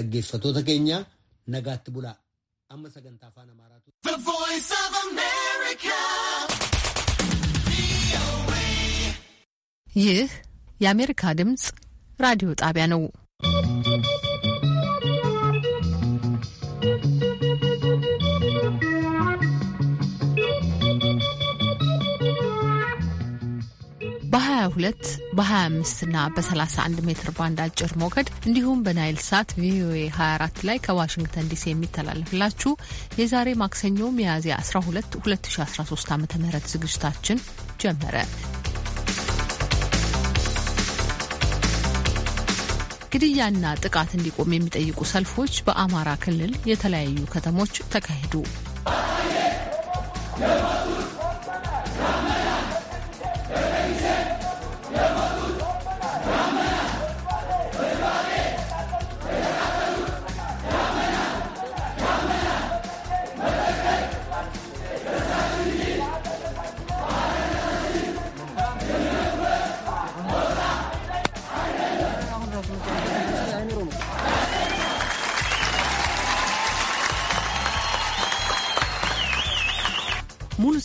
Dhaggeeffattoota keenya nagaatti bulaa. Amma sagantaa afaan Amaaraatu. ይህ የአሜሪካ ድምፅ ራዲዮ ጣቢያ ነው። በ22 በ25 እና በ31 ሜትር ባንድ አጭር ሞገድ እንዲሁም በናይል ሳት ቪኦኤ 24 ላይ ከዋሽንግተን ዲሲ የሚተላለፍላችሁ የዛሬ ማክሰኞ ሚያዝያ 12 2013 ዓ ም ዝግጅታችን ጀመረ። ግድያና ጥቃት እንዲቆም የሚጠይቁ ሰልፎች በአማራ ክልል የተለያዩ ከተሞች ተካሂዱ።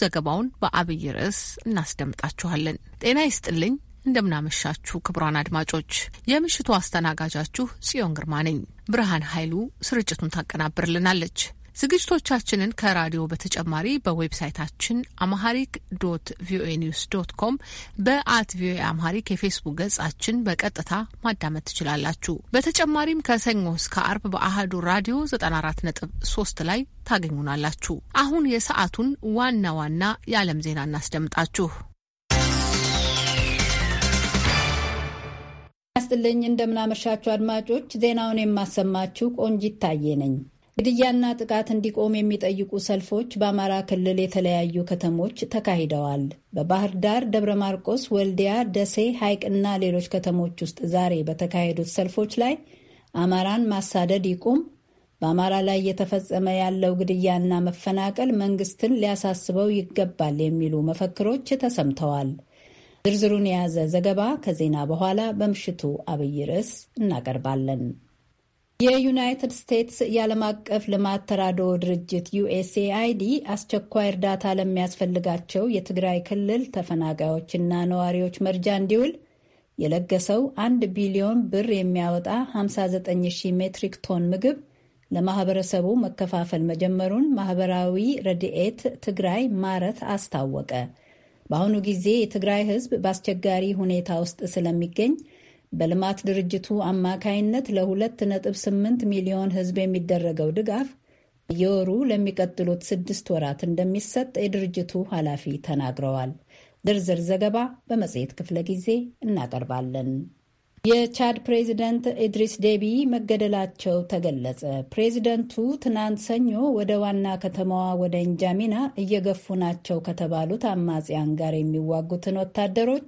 ዘገባውን በአብይ ርዕስ እናስደምጣችኋለን። ጤና ይስጥልኝ። እንደምናመሻችሁ ክቡራን አድማጮች፣ የምሽቱ አስተናጋጃችሁ ጽዮን ግርማ ነኝ። ብርሃን ኃይሉ ስርጭቱን ታቀናብርልናለች። ዝግጅቶቻችንን ከራዲዮ በተጨማሪ በዌብሳይታችን አምሃሪክ ዶት ቪኦኤ ኒውስ ዶት ኮም በአት ቪኦኤ አማሃሪክ የፌስቡክ ገጻችን በቀጥታ ማዳመጥ ትችላላችሁ። በተጨማሪም ከሰኞ እስከ አርብ በአህዱ ራዲዮ 94.3 ላይ ታገኙናላችሁ። አሁን የሰዓቱን ዋና ዋና የዓለም ዜና እናስደምጣችሁ። ያስጥልኝ እንደምናመሻችሁ አድማጮች፣ ዜናውን የማሰማችሁ ቆንጂት ታዬ ነኝ። ግድያና ጥቃት እንዲቆም የሚጠይቁ ሰልፎች በአማራ ክልል የተለያዩ ከተሞች ተካሂደዋል። በባህር ዳር፣ ደብረ ማርቆስ፣ ወልዲያ፣ ደሴ፣ ሐይቅና ሌሎች ከተሞች ውስጥ ዛሬ በተካሄዱት ሰልፎች ላይ አማራን ማሳደድ ይቁም፣ በአማራ ላይ እየተፈጸመ ያለው ግድያና መፈናቀል መንግስትን ሊያሳስበው ይገባል የሚሉ መፈክሮች ተሰምተዋል። ዝርዝሩን የያዘ ዘገባ ከዜና በኋላ በምሽቱ አብይ ርዕስ እናቀርባለን። የዩናይትድ ስቴትስ የዓለም አቀፍ ልማት ተራድኦ ድርጅት ዩኤስኤአይዲ አስቸኳይ እርዳታ ለሚያስፈልጋቸው የትግራይ ክልል ተፈናቃዮችና ነዋሪዎች መርጃ እንዲውል የለገሰው አንድ ቢሊዮን ብር የሚያወጣ 59000 ሜትሪክ ቶን ምግብ ለማህበረሰቡ መከፋፈል መጀመሩን ማህበራዊ ረድኤት ትግራይ ማረት አስታወቀ። በአሁኑ ጊዜ የትግራይ ሕዝብ በአስቸጋሪ ሁኔታ ውስጥ ስለሚገኝ በልማት ድርጅቱ አማካይነት ለ2.8 ሚሊዮን ሕዝብ የሚደረገው ድጋፍ የወሩ ለሚቀጥሉት ስድስት ወራት እንደሚሰጥ የድርጅቱ ኃላፊ ተናግረዋል። ዝርዝር ዘገባ በመጽሔት ክፍለ ጊዜ እናቀርባለን። የቻድ ፕሬዚደንት ኢድሪስ ዴቢ መገደላቸው ተገለጸ። ፕሬዚደንቱ ትናንት ሰኞ ወደ ዋና ከተማዋ ወደ እንጃሚና እየገፉ ናቸው ከተባሉት አማጽያን ጋር የሚዋጉትን ወታደሮች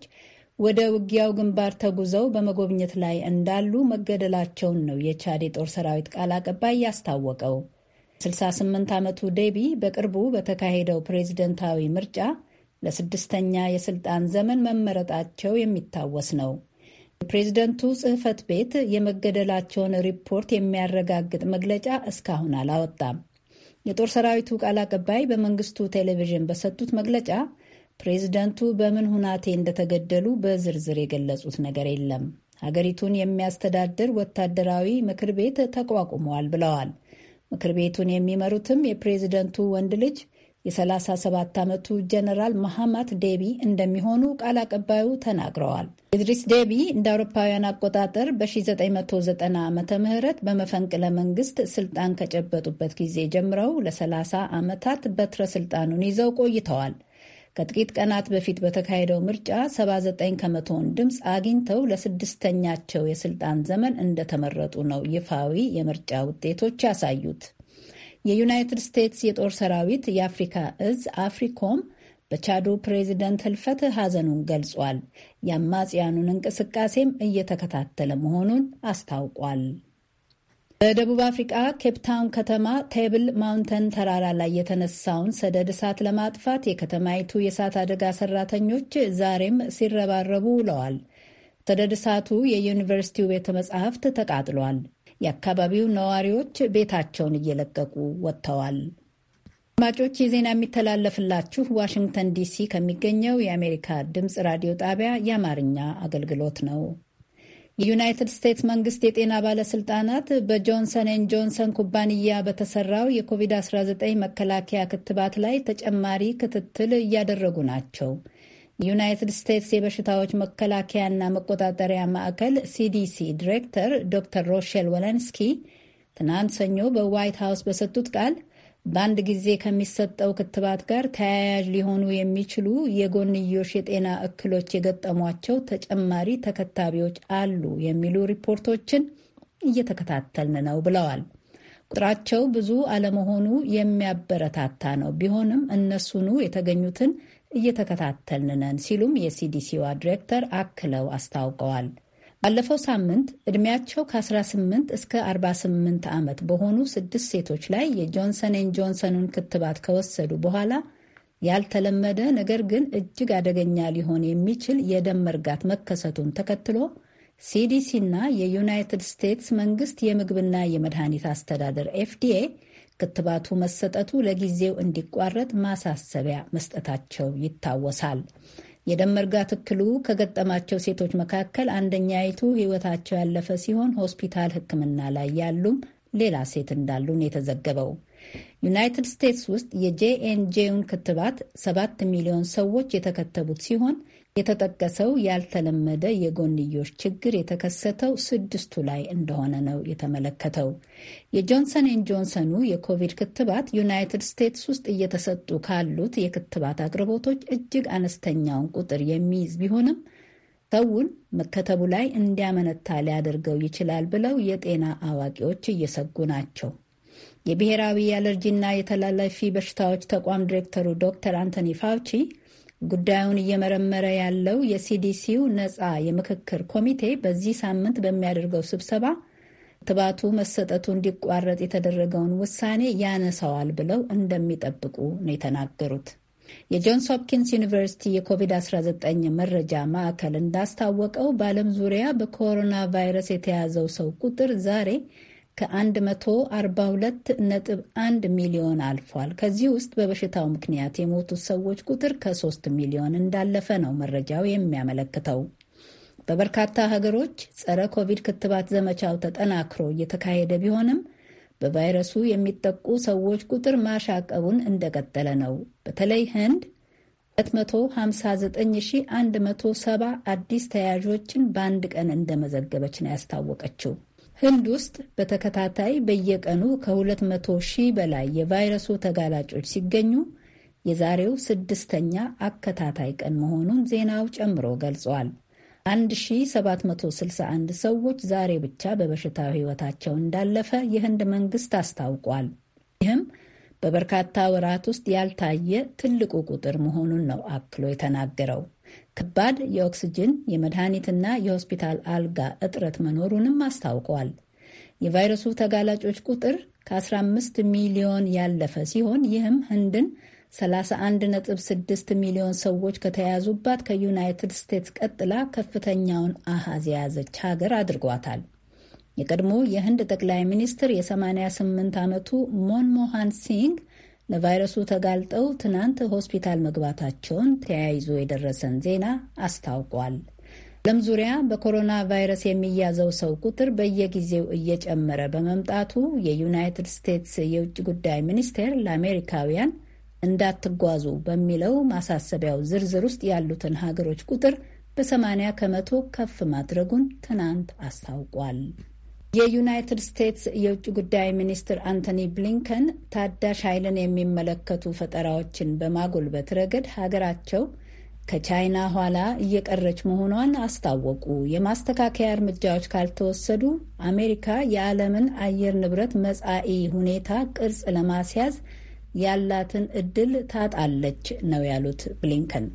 ወደ ውጊያው ግንባር ተጉዘው በመጎብኘት ላይ እንዳሉ መገደላቸውን ነው የቻድ የጦር ሰራዊት ቃል አቀባይ ያስታወቀው። 68 ዓመቱ ዴቢ በቅርቡ በተካሄደው ፕሬዝደንታዊ ምርጫ ለስድስተኛ የስልጣን ዘመን መመረጣቸው የሚታወስ ነው። የፕሬዝደንቱ ጽሕፈት ቤት የመገደላቸውን ሪፖርት የሚያረጋግጥ መግለጫ እስካሁን አላወጣም። የጦር ሰራዊቱ ቃል አቀባይ በመንግስቱ ቴሌቪዥን በሰጡት መግለጫ ፕሬዚደንቱ በምን ሁናቴ እንደተገደሉ በዝርዝር የገለጹት ነገር የለም። ሀገሪቱን የሚያስተዳድር ወታደራዊ ምክር ቤት ተቋቁመዋል ብለዋል። ምክር ቤቱን የሚመሩትም የፕሬዚደንቱ ወንድ ልጅ የ37 ዓመቱ ጀነራል መሐማት ዴቢ እንደሚሆኑ ቃል አቀባዩ ተናግረዋል። ኢድሪስ ዴቢ እንደ አውሮፓውያን አቆጣጠር በ1990 ዓ ምህረት በመፈንቅለ መንግስት ስልጣን ከጨበጡበት ጊዜ ጀምረው ለ30 ዓመታት በትረ ስልጣኑን ይዘው ቆይተዋል። ከጥቂት ቀናት በፊት በተካሄደው ምርጫ 79 ከመቶውን ድምፅ አግኝተው ለስድስተኛቸው የስልጣን ዘመን እንደተመረጡ ነው ይፋዊ የምርጫ ውጤቶች ያሳዩት። የዩናይትድ ስቴትስ የጦር ሰራዊት የአፍሪካ እዝ አፍሪኮም በቻዱ ፕሬዚደንት ህልፈት ሐዘኑን ገልጿል። የአማጽያኑን እንቅስቃሴም እየተከታተለ መሆኑን አስታውቋል። በደቡብ አፍሪቃ ኬፕታውን ከተማ ቴብል ማውንተን ተራራ ላይ የተነሳውን ሰደድ እሳት ለማጥፋት የከተማይቱ የእሳት አደጋ ሰራተኞች ዛሬም ሲረባረቡ ውለዋል። ሰደድ እሳቱ የዩኒቨርሲቲው ቤተ መጻሕፍት ተቃጥሏል። የአካባቢው ነዋሪዎች ቤታቸውን እየለቀቁ ወጥተዋል። አድማጮች የዜና የሚተላለፍላችሁ ዋሽንግተን ዲሲ ከሚገኘው የአሜሪካ ድምፅ ራዲዮ ጣቢያ የአማርኛ አገልግሎት ነው። የዩናይትድ ስቴትስ መንግስት የጤና ባለስልጣናት በጆንሰን ኤን ጆንሰን ኩባንያ በተሰራው የኮቪድ-19 መከላከያ ክትባት ላይ ተጨማሪ ክትትል እያደረጉ ናቸው። የዩናይትድ ስቴትስ የበሽታዎች መከላከያና መቆጣጠሪያ ማዕከል ሲዲሲ ዲሬክተር ዶክተር ሮሼል ወለንስኪ ትናንት ሰኞ በዋይት ሀውስ በሰጡት ቃል በአንድ ጊዜ ከሚሰጠው ክትባት ጋር ተያያዥ ሊሆኑ የሚችሉ የጎንዮሽ የጤና እክሎች የገጠሟቸው ተጨማሪ ተከታቢዎች አሉ የሚሉ ሪፖርቶችን እየተከታተልን ነው ብለዋል። ቁጥራቸው ብዙ አለመሆኑ የሚያበረታታ ነው። ቢሆንም እነሱኑ የተገኙትን እየተከታተልን ነን ሲሉም የሲዲሲዋ ዲሬክተር አክለው አስታውቀዋል። ባለፈው ሳምንት ዕድሜያቸው ከ18 እስከ 48 ዓመት በሆኑ ስድስት ሴቶች ላይ የጆንሰን ኤን ጆንሰኑን ክትባት ከወሰዱ በኋላ ያልተለመደ ነገር ግን እጅግ አደገኛ ሊሆን የሚችል የደም መርጋት መከሰቱን ተከትሎ ሲዲሲ እና የዩናይትድ ስቴትስ መንግስት የምግብና የመድኃኒት አስተዳደር ኤፍዲኤ ክትባቱ መሰጠቱ ለጊዜው እንዲቋረጥ ማሳሰቢያ መስጠታቸው ይታወሳል። የደም መርጋት እክሉ ከገጠማቸው ሴቶች መካከል አንደኛይቱ ሕይወታቸው ያለፈ ሲሆን ሆስፒታል ሕክምና ላይ ያሉም ሌላ ሴት እንዳሉ ነው የተዘገበው። ዩናይትድ ስቴትስ ውስጥ የጄኤንጄውን ክትባት ሰባት ሚሊዮን ሰዎች የተከተቡት ሲሆን የተጠቀሰው ያልተለመደ የጎንዮሽ ችግር የተከሰተው ስድስቱ ላይ እንደሆነ ነው የተመለከተው። የጆንሰን ኤን ጆንሰኑ የኮቪድ ክትባት ዩናይትድ ስቴትስ ውስጥ እየተሰጡ ካሉት የክትባት አቅርቦቶች እጅግ አነስተኛውን ቁጥር የሚይዝ ቢሆንም ሰውን መከተቡ ላይ እንዲያመነታ ሊያደርገው ይችላል ብለው የጤና አዋቂዎች እየሰጉ ናቸው። የብሔራዊ የአለርጂና የተላላፊ በሽታዎች ተቋም ዲሬክተሩ ዶክተር አንቶኒ ፋውቺ ጉዳዩን እየመረመረ ያለው የሲዲሲው ነፃ የምክክር ኮሚቴ በዚህ ሳምንት በሚያደርገው ስብሰባ ክትባቱ መሰጠቱ እንዲቋረጥ የተደረገውን ውሳኔ ያነሳዋል ብለው እንደሚጠብቁ ነው የተናገሩት። የጆንስ ሆፕኪንስ ዩኒቨርሲቲ የኮቪድ-19 መረጃ ማዕከል እንዳስታወቀው በዓለም ዙሪያ በኮሮና ቫይረስ የተያዘው ሰው ቁጥር ዛሬ ከ142.1 ሚሊዮን አልፏል። ከዚህ ውስጥ በበሽታው ምክንያት የሞቱት ሰዎች ቁጥር ከ3 ሚሊዮን እንዳለፈ ነው መረጃው የሚያመለክተው። በበርካታ ሀገሮች ጸረ ኮቪድ ክትባት ዘመቻው ተጠናክሮ እየተካሄደ ቢሆንም በቫይረሱ የሚጠቁ ሰዎች ቁጥር ማሻቀቡን እንደቀጠለ ነው። በተለይ ህንድ 259170 አዲስ ተያዦችን በአንድ ቀን እንደመዘገበች ነው ያስታወቀችው። ህንድ ውስጥ በተከታታይ በየቀኑ ከ200 ሺህ በላይ የቫይረሱ ተጋላጮች ሲገኙ የዛሬው ስድስተኛ አከታታይ ቀን መሆኑን ዜናው ጨምሮ ገልጿል። 1761 ሰዎች ዛሬ ብቻ በበሽታው ህይወታቸው እንዳለፈ የህንድ መንግስት አስታውቋል። ይህም በበርካታ ወራት ውስጥ ያልታየ ትልቁ ቁጥር መሆኑን ነው አክሎ የተናገረው። ከባድ የኦክስጅን የመድኃኒትና የሆስፒታል አልጋ እጥረት መኖሩንም አስታውቋል። የቫይረሱ ተጋላጮች ቁጥር ከ15 ሚሊዮን ያለፈ ሲሆን ይህም ህንድን 31.6 ሚሊዮን ሰዎች ከተያያዙባት ከዩናይትድ ስቴትስ ቀጥላ ከፍተኛውን አሃዝ የያዘች ሀገር አድርጓታል። የቀድሞ የህንድ ጠቅላይ ሚኒስትር የ88 ዓመቱ ሞንሞሃን ሲንግ ለቫይረሱ ተጋልጠው ትናንት ሆስፒታል መግባታቸውን ተያይዞ የደረሰን ዜና አስታውቋል። ዓለም ዙሪያ በኮሮና ቫይረስ የሚያዘው ሰው ቁጥር በየጊዜው እየጨመረ በመምጣቱ የዩናይትድ ስቴትስ የውጭ ጉዳይ ሚኒስቴር ለአሜሪካውያን እንዳትጓዙ በሚለው ማሳሰቢያው ዝርዝር ውስጥ ያሉትን ሀገሮች ቁጥር በ በሰማንያ ከመቶ ከፍ ማድረጉን ትናንት አስታውቋል። የዩናይትድ ስቴትስ የውጭ ጉዳይ ሚኒስትር አንቶኒ ብሊንከን ታዳሽ ኃይልን የሚመለከቱ ፈጠራዎችን በማጎልበት ረገድ ሀገራቸው ከቻይና ኋላ እየቀረች መሆኗን አስታወቁ። የማስተካከያ እርምጃዎች ካልተወሰዱ አሜሪካ የዓለምን አየር ንብረት መጻኢ ሁኔታ ቅርጽ ለማስያዝ ያላትን እድል ታጣለች ነው ያሉት ብሊንከን።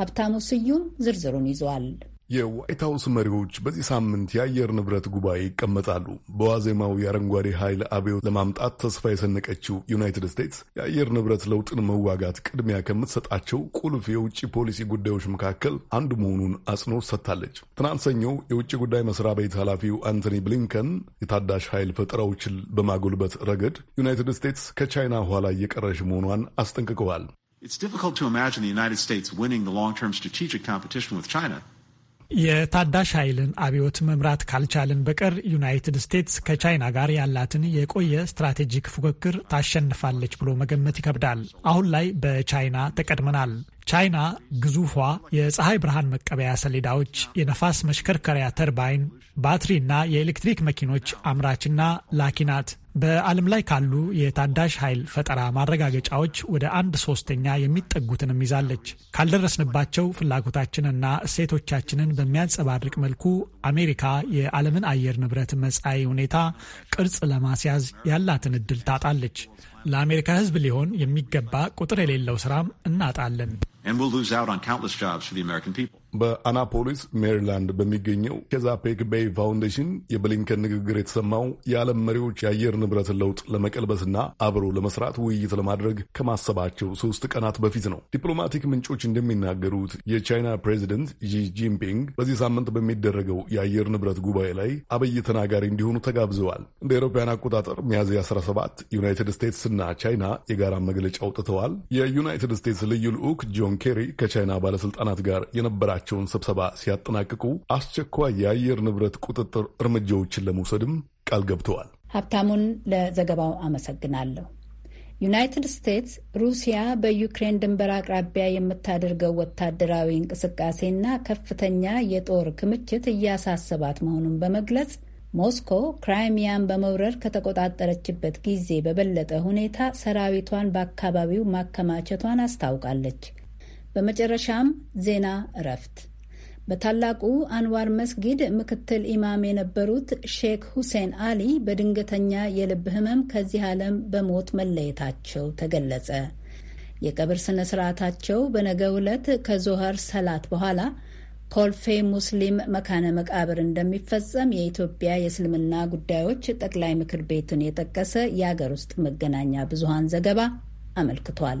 ሀብታሙ ስዩም ዝርዝሩን ይዟል። የዋይት ሀውስ መሪዎች በዚህ ሳምንት የአየር ንብረት ጉባኤ ይቀመጣሉ። በዋዜማው የአረንጓዴ ኃይል አብዮት ለማምጣት ተስፋ የሰነቀችው ዩናይትድ ስቴትስ የአየር ንብረት ለውጥን መዋጋት ቅድሚያ ከምትሰጣቸው ቁልፍ የውጭ ፖሊሲ ጉዳዮች መካከል አንዱ መሆኑን አጽንኦት ሰጥታለች። ትናንት ሰኞ የውጭ ጉዳይ መስሪያ ቤት ኃላፊው አንቶኒ ብሊንከን የታዳሽ ኃይል ፈጠራዎችን በማጎልበት ረገድ ዩናይትድ ስቴትስ ከቻይና ኋላ እየቀረች መሆኗን አስጠንቅቀዋል። It's difficult to imagine the United States winning the long-term strategic competition with China. የታዳሽ ኃይልን አብዮት መምራት ካልቻልን በቀር ዩናይትድ ስቴትስ ከቻይና ጋር ያላትን የቆየ ስትራቴጂክ ፉክክር ታሸንፋለች ብሎ መገመት ይከብዳል። አሁን ላይ በቻይና ተቀድመናል። ቻይና ግዙፏ የፀሐይ ብርሃን መቀበያ ሰሌዳዎች፣ የነፋስ መሽከርከሪያ ተርባይን፣ ባትሪና የኤሌክትሪክ መኪኖች አምራችና ላኪ ናት። በዓለም ላይ ካሉ የታዳሽ ኃይል ፈጠራ ማረጋገጫዎች ወደ አንድ ሶስተኛ የሚጠጉትንም ይዛለች። ካልደረስንባቸው ፍላጎታችንና እሴቶቻችንን በሚያንጸባርቅ መልኩ አሜሪካ የዓለምን አየር ንብረት መጻኢ ሁኔታ ቅርጽ ለማስያዝ ያላትን እድል ታጣለች። ለአሜሪካ ሕዝብ ሊሆን የሚገባ ቁጥር የሌለው ስራም እናጣለን። and we'll lose out on countless jobs for the American people. በአናፖሊስ ሜሪላንድ በሚገኘው ኬዛፔክ ቤይ ፋውንዴሽን የብሊንከን ንግግር የተሰማው የዓለም መሪዎች የአየር ንብረትን ለውጥ ለመቀልበስና አብሮ ለመስራት ውይይት ለማድረግ ከማሰባቸው ሶስት ቀናት በፊት ነው። ዲፕሎማቲክ ምንጮች እንደሚናገሩት የቻይና ፕሬዚደንት ዢ ጂንፒንግ በዚህ ሳምንት በሚደረገው የአየር ንብረት ጉባኤ ላይ አብይ ተናጋሪ እንዲሆኑ ተጋብዘዋል። እንደ አውሮፓውያን አቆጣጠር ሚያዝያ 17 ዩናይትድ እና ቻይና የጋራ መግለጫ አውጥተዋል። የዩናይትድ ስቴትስ ልዩ ልዑክ ጆን ኬሪ ከቻይና ባለስልጣናት ጋር የነበራቸው የነበራቸውን ስብሰባ ሲያጠናቅቁ አስቸኳይ የአየር ንብረት ቁጥጥር እርምጃዎችን ለመውሰድም ቃል ገብተዋል። ሀብታሙን ለዘገባው አመሰግናለሁ። ዩናይትድ ስቴትስ ሩሲያ በዩክሬን ድንበር አቅራቢያ የምታደርገው ወታደራዊ እንቅስቃሴና ከፍተኛ የጦር ክምችት እያሳሰባት መሆኑን በመግለጽ ሞስኮ ክራይሚያን በመውረር ከተቆጣጠረችበት ጊዜ በበለጠ ሁኔታ ሰራዊቷን በአካባቢው ማከማቸቷን አስታውቃለች። በመጨረሻም ዜና እረፍት። በታላቁ አንዋር መስጊድ ምክትል ኢማም የነበሩት ሼክ ሁሴን አሊ በድንገተኛ የልብ ህመም ከዚህ ዓለም በሞት መለየታቸው ተገለጸ። የቀብር ስነ ስርዓታቸው በነገ ዕለት ከዞኸር ሰላት በኋላ ኮልፌ ሙስሊም መካነ መቃብር እንደሚፈጸም የኢትዮጵያ የእስልምና ጉዳዮች ጠቅላይ ምክር ቤትን የጠቀሰ የአገር ውስጥ መገናኛ ብዙሃን ዘገባ አመልክቷል።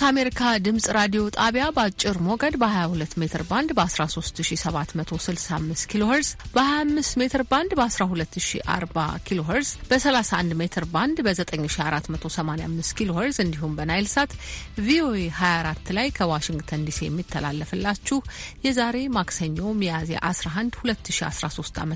ከአሜሪካ ድምጽ ራዲዮ ጣቢያ በአጭር ሞገድ በ22 ሜትር ባንድ በ13765 ኪሎ ሄርዝ በ25 ሜትር ባንድ በ1240 ኪሎ ሄርዝ በ31 ሜትር ባንድ በ9485 ኪሎ ሄርዝ እንዲሁም በናይል ሳት ቪኦኤ 24 ላይ ከዋሽንግተን ዲሲ የሚተላለፍላችሁ የዛሬ ማክሰኞ ሚያዝያ 11 2013 ዓ ም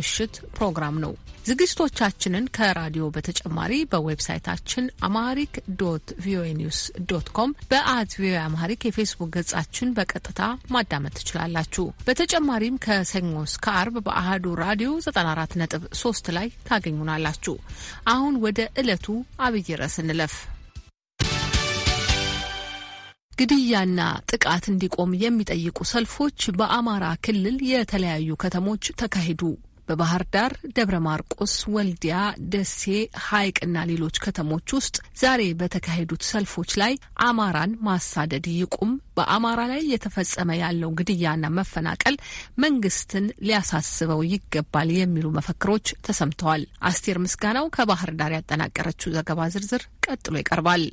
ምሽት ፕሮግራም ነው። ዝግጅቶቻችንን ከራዲዮ በተጨማሪ በዌብሳይታችን አማሪክ ዶት ቪኦኤ ኒውስ ዶት ኮም በአት ቪኦኤ አማሪክ የፌስቡክ ገጻችን በቀጥታ ማዳመጥ ትችላላችሁ። በተጨማሪም ከሰኞ እስከ አርብ በአህዱ ራዲዮ 94.3 ላይ ታገኙናላችሁ። አሁን ወደ ዕለቱ አብይ ርዕስ እንለፍ። ግድያና ጥቃት እንዲቆም የሚጠይቁ ሰልፎች በአማራ ክልል የተለያዩ ከተሞች ተካሂዱ። በባህር ዳር፣ ደብረ ማርቆስ፣ ወልዲያ፣ ደሴ፣ ሐይቅና ሌሎች ከተሞች ውስጥ ዛሬ በተካሄዱት ሰልፎች ላይ አማራን ማሳደድ ይቁም፣ በአማራ ላይ የተፈጸመ ያለው ግድያና መፈናቀል መንግስትን ሊያሳስበው ይገባል የሚሉ መፈክሮች ተሰምተዋል። አስቴር ምስጋናው ከባህር ዳር ያጠናቀረችው ዘገባ ዝርዝር ቀጥሎ ይቀርባል።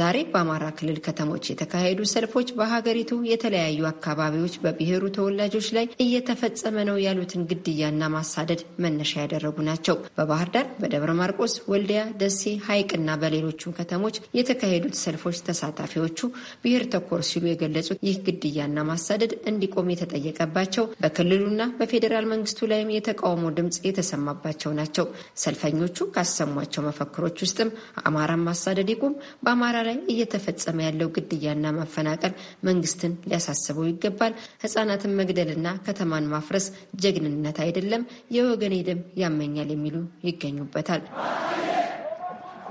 ዛሬ በአማራ ክልል ከተሞች የተካሄዱ ሰልፎች በሀገሪቱ የተለያዩ አካባቢዎች በብሔሩ ተወላጆች ላይ እየተፈጸመ ነው ያሉትን ግድያና ማሳደድ መነሻ ያደረጉ ናቸው። በባህር ዳር፣ በደብረ ማርቆስ፣ ወልዲያ፣ ደሴ፣ ሐይቅና በሌሎቹ ከተሞች የተካሄዱት ሰልፎች ተሳታፊዎቹ ብሔር ተኮር ሲሉ የገለጹት ይህ ግድያና ማሳደድ እንዲቆም የተጠየቀባቸው በክልሉና በፌዴራል መንግስቱ ላይም የተቃውሞ ድምፅ የተሰማባቸው ናቸው። ሰልፈኞቹ ካሰሟቸው መፈክሮች ውስጥም አማራን ማሳደድ ይቁም፣ በአማራ ላይ እየተፈጸመ ያለው ግድያና ማፈናቀል መንግስትን ሊያሳስበው ይገባል። ህጻናትን መግደልና ከተማን ማፍረስ ጀግንነት አይደለም፣ የወገኔ ደም ያመኛል የሚሉ ይገኙበታል።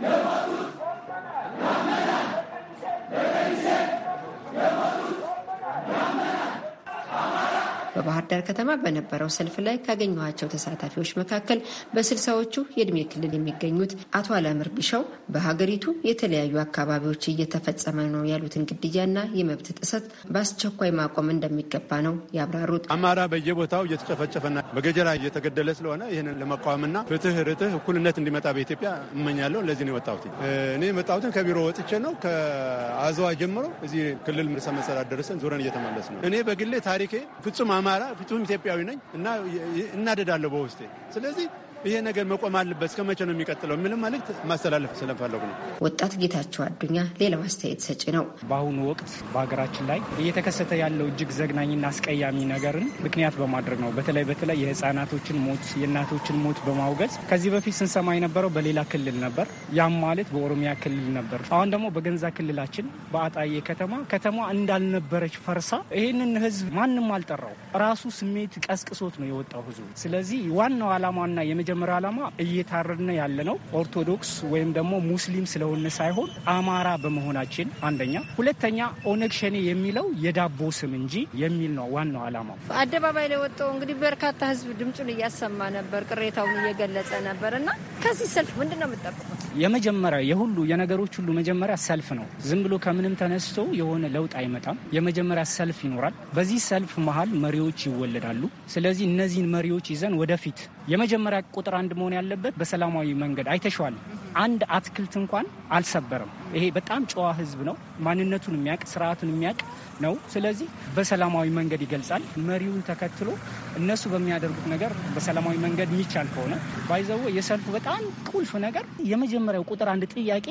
የሞቱት በባህር ዳር ከተማ በነበረው ሰልፍ ላይ ካገኘኋቸው ተሳታፊዎች መካከል በስልሳዎቹ የእድሜ ክልል የሚገኙት አቶ አለምር ቢሻው በሀገሪቱ የተለያዩ አካባቢዎች እየተፈጸመ ነው ያሉትን ግድያና የመብት ጥሰት በአስቸኳይ ማቆም እንደሚገባ ነው ያብራሩት። አማራ በየቦታው እየተጨፈጨፈና በገጀራ እየተገደለ ስለሆነ ይህንን ለመቃወምና ፍትህ፣ ርትህ፣ እኩልነት እንዲመጣ በኢትዮጵያ እመኛለሁ። ለዚህ ነው የወጣሁት። እኔ የመጣሁትን ከቢሮ ወጥቼ ነው። ከአዘዋ ጀምሮ እዚህ ክልል ርዕሰ መስተዳድር ደርሰን ዙረን እየተመለስ ነው። እኔ በግሌ ታሪኬ ፍጹም አማራ ፍጹም ኢትዮጵያዊ ነኝ እና እናደዳለሁ በውስጤ። ስለዚህ ይሄ ነገር መቆም አለበት። እስከ መቼ ነው የሚቀጥለው ምንም መልእክት ማስተላለፍ ስለፈለጉ ነው። ወጣት ጌታቸው አዱኛ ሌላው አስተያየት ሰጪ ነው። በአሁኑ ወቅት በሀገራችን ላይ እየተከሰተ ያለው እጅግ ዘግናኝና አስቀያሚ ነገርን ምክንያት በማድረግ ነው። በተለይ በተለይ የህፃናቶችን ሞት፣ የእናቶችን ሞት በማውገዝ ከዚህ በፊት ስንሰማ የነበረው በሌላ ክልል ነበር። ያም ማለት በኦሮሚያ ክልል ነበር። አሁን ደግሞ በገንዛ ክልላችን በአጣዬ ከተማ ከተማ እንዳልነበረች ፈርሳ ይህንን ህዝብ ማንም አልጠራው። ራሱ ስሜት ቀስቅሶት ነው የወጣው ህዝቡ። ስለዚህ ዋናው ዓላማና የመጀመ የመጀመሪያ ዓላማ እየታረድን ያለ ነው ኦርቶዶክስ ወይም ደግሞ ሙስሊም ስለሆነ ሳይሆን አማራ በመሆናችን አንደኛ፣ ሁለተኛ ኦነግ ሸኔ የሚለው የዳቦ ስም እንጂ የሚል ነው ዋናው ዓላማው። አደባባይ ላይ ወጥተው እንግዲህ በርካታ ህዝብ ድምፁን እያሰማ ነበር፣ ቅሬታውን እየገለጸ ነበር እና ከዚህ ሰልፍ ምንድን ነው የምጠብቁት? የመጀመሪያ የሁሉ የነገሮች ሁሉ መጀመሪያ ሰልፍ ነው። ዝም ብሎ ከምንም ተነስቶ የሆነ ለውጥ አይመጣም። የመጀመሪያ ሰልፍ ይኖራል። በዚህ ሰልፍ መሀል መሪዎች ይወለዳሉ። ስለዚህ እነዚህን መሪዎች ይዘን ወደፊት የመጀመሪያ ቁጥር አንድ መሆን ያለበት በሰላማዊ መንገድ አይተሸዋል። አንድ አትክልት እንኳን አልሰበረም። ይሄ በጣም ጨዋ ህዝብ ነው። ማንነቱን የሚያውቅ ስርዓቱን የሚያውቅ ነው። ስለዚህ በሰላማዊ መንገድ ይገልጻል። መሪውን ተከትሎ እነሱ በሚያደርጉት ነገር በሰላማዊ መንገድ የሚቻል ከሆነ ባይዘው የሰልፉ በጣም ቁልፍ ነገር የመጀመሪያው ቁጥር አንድ ጥያቄ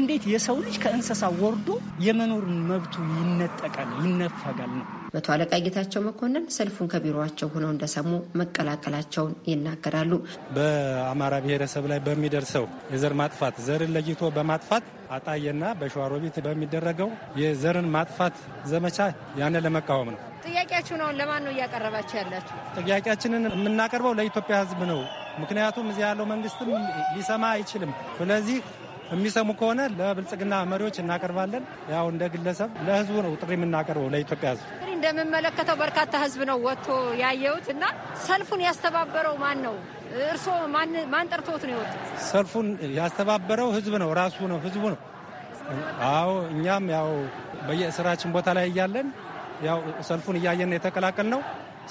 እንዴት የሰው ልጅ ከእንስሳ ወርዶ የመኖር መብቱ ይነጠቃል፣ ይነፈጋል ነው። መቶ አለቃ ጌታቸው መኮንን ሰልፉን ከቢሮቸው ሆነው እንደሰሙ መቀላቀላቸውን ይናገራሉ። በአማራ ብሔረሰብ ላይ በሚደርሰው የዘር ማጥፋት ዘርን ለይቶ በማጥፋት አጣየና በሸዋሮቢት በሚደረገው የዘርን ማጥፋት ዘመቻ ያንን ለመቃወም ነው። ጥያቄያችሁን አሁን ለማን ነው እያቀረባችሁ ያላችሁ? ጥያቄያችንን የምናቀርበው ለኢትዮጵያ ሕዝብ ነው። ምክንያቱም እዚህ ያለው መንግስትም ሊሰማ አይችልም። ስለዚህ የሚሰሙ ከሆነ ለብልጽግና መሪዎች እናቀርባለን። ያው እንደ ግለሰብ ለህዝቡ ነው ጥሪ የምናቀርበው ለኢትዮጵያ ሕዝብ እንደምመለከተው በርካታ ህዝብ ነው ወጥቶ ያየሁት እና ሰልፉን ያስተባበረው ማን ነው? እርስዎ ማን ጠርቶት ነው የወጡት? ሰልፉን ያስተባበረው ህዝብ ነው፣ ራሱ ነው፣ ህዝቡ ነው። አዎ እኛም ያው በየስራችን ቦታ ላይ እያለን ያው ሰልፉን እያየን የተቀላቀል ነው።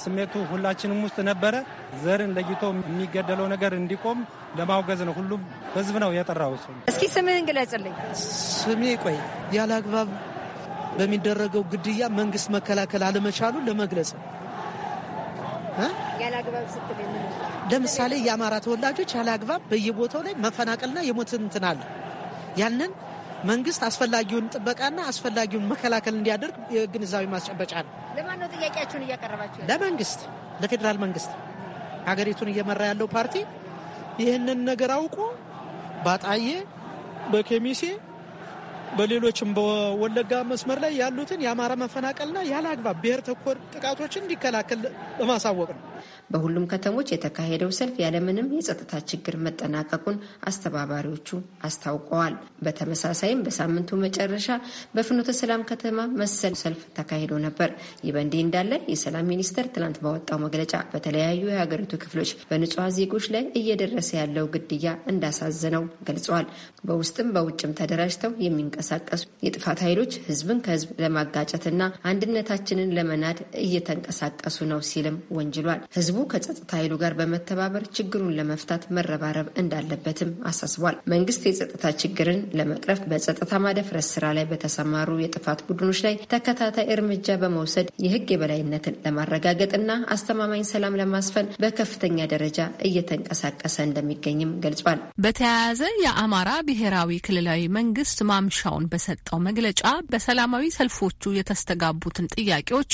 ስሜቱ ሁላችንም ውስጥ ነበረ። ዘርን ለይቶ የሚገደለው ነገር እንዲቆም ለማውገዝ ነው። ሁሉም ህዝብ ነው የጠራው። እስኪ ስምህን ግለጽልኝ። ስሜ ቆይ ያለ አግባብ በሚደረገው ግድያ መንግስት መከላከል አለመቻሉን ለመግለጽ ለምሳሌ የአማራ ተወላጆች ያለ አግባብ በየቦታው ላይ መፈናቀልና የሞት እንትን አለ። ያንን መንግስት አስፈላጊውን ጥበቃና አስፈላጊውን መከላከል እንዲያደርግ የግንዛቤ ማስጨበጫ ነው። ለማን ነው ጥያቄያችሁን እያቀረባችሁ? ለመንግስት፣ ለፌዴራል መንግስት። ሀገሪቱን እየመራ ያለው ፓርቲ ይህንን ነገር አውቆ ባጣዬ፣ በኬሚሴ በሌሎችም በወለጋ መስመር ላይ ያሉትን የአማራ መፈናቀልና ያለ አግባብ ብሔር ተኮር ጥቃቶችን እንዲከላከል ለማሳወቅ ነው። በሁሉም ከተሞች የተካሄደው ሰልፍ ያለምንም የጸጥታ ችግር መጠናቀቁን አስተባባሪዎቹ አስታውቀዋል። በተመሳሳይም በሳምንቱ መጨረሻ በፍኖተ ሰላም ከተማ መሰል ሰልፍ ተካሂዶ ነበር። ይህ በእንዲህ እንዳለ የሰላም ሚኒስቴር ትናንት ባወጣው መግለጫ በተለያዩ የሀገሪቱ ክፍሎች በንጹሐን ዜጎች ላይ እየደረሰ ያለው ግድያ እንዳሳዘነው ገልጿል። በውስጥም በውጭም ተደራጅተው የሚንቀሳቀሱ የጥፋት ኃይሎች ህዝብን ከህዝብ ለማጋጨትና አንድነታችንን ለመናድ እየተንቀሳቀሱ ነው ሲልም ወንጅሏል። ህዝቡ ከጸጥታ ኃይሉ ጋር በመተባበር ችግሩን ለመፍታት መረባረብ እንዳለበትም አሳስቧል። መንግስት የጸጥታ ችግርን ለመቅረፍ በጸጥታ ማደፍረስ ስራ ላይ በተሰማሩ የጥፋት ቡድኖች ላይ ተከታታይ እርምጃ በመውሰድ የህግ የበላይነትን ለማረጋገጥና አስተማማኝ ሰላም ለማስፈን በከፍተኛ ደረጃ እየተንቀሳቀሰ እንደሚገኝም ገልጿል። በተያያዘ የአማራ ብሔራዊ ክልላዊ መንግስት ማምሻውን በሰጠው መግለጫ በሰላማዊ ሰልፎቹ የተስተጋቡትን ጥያቄዎች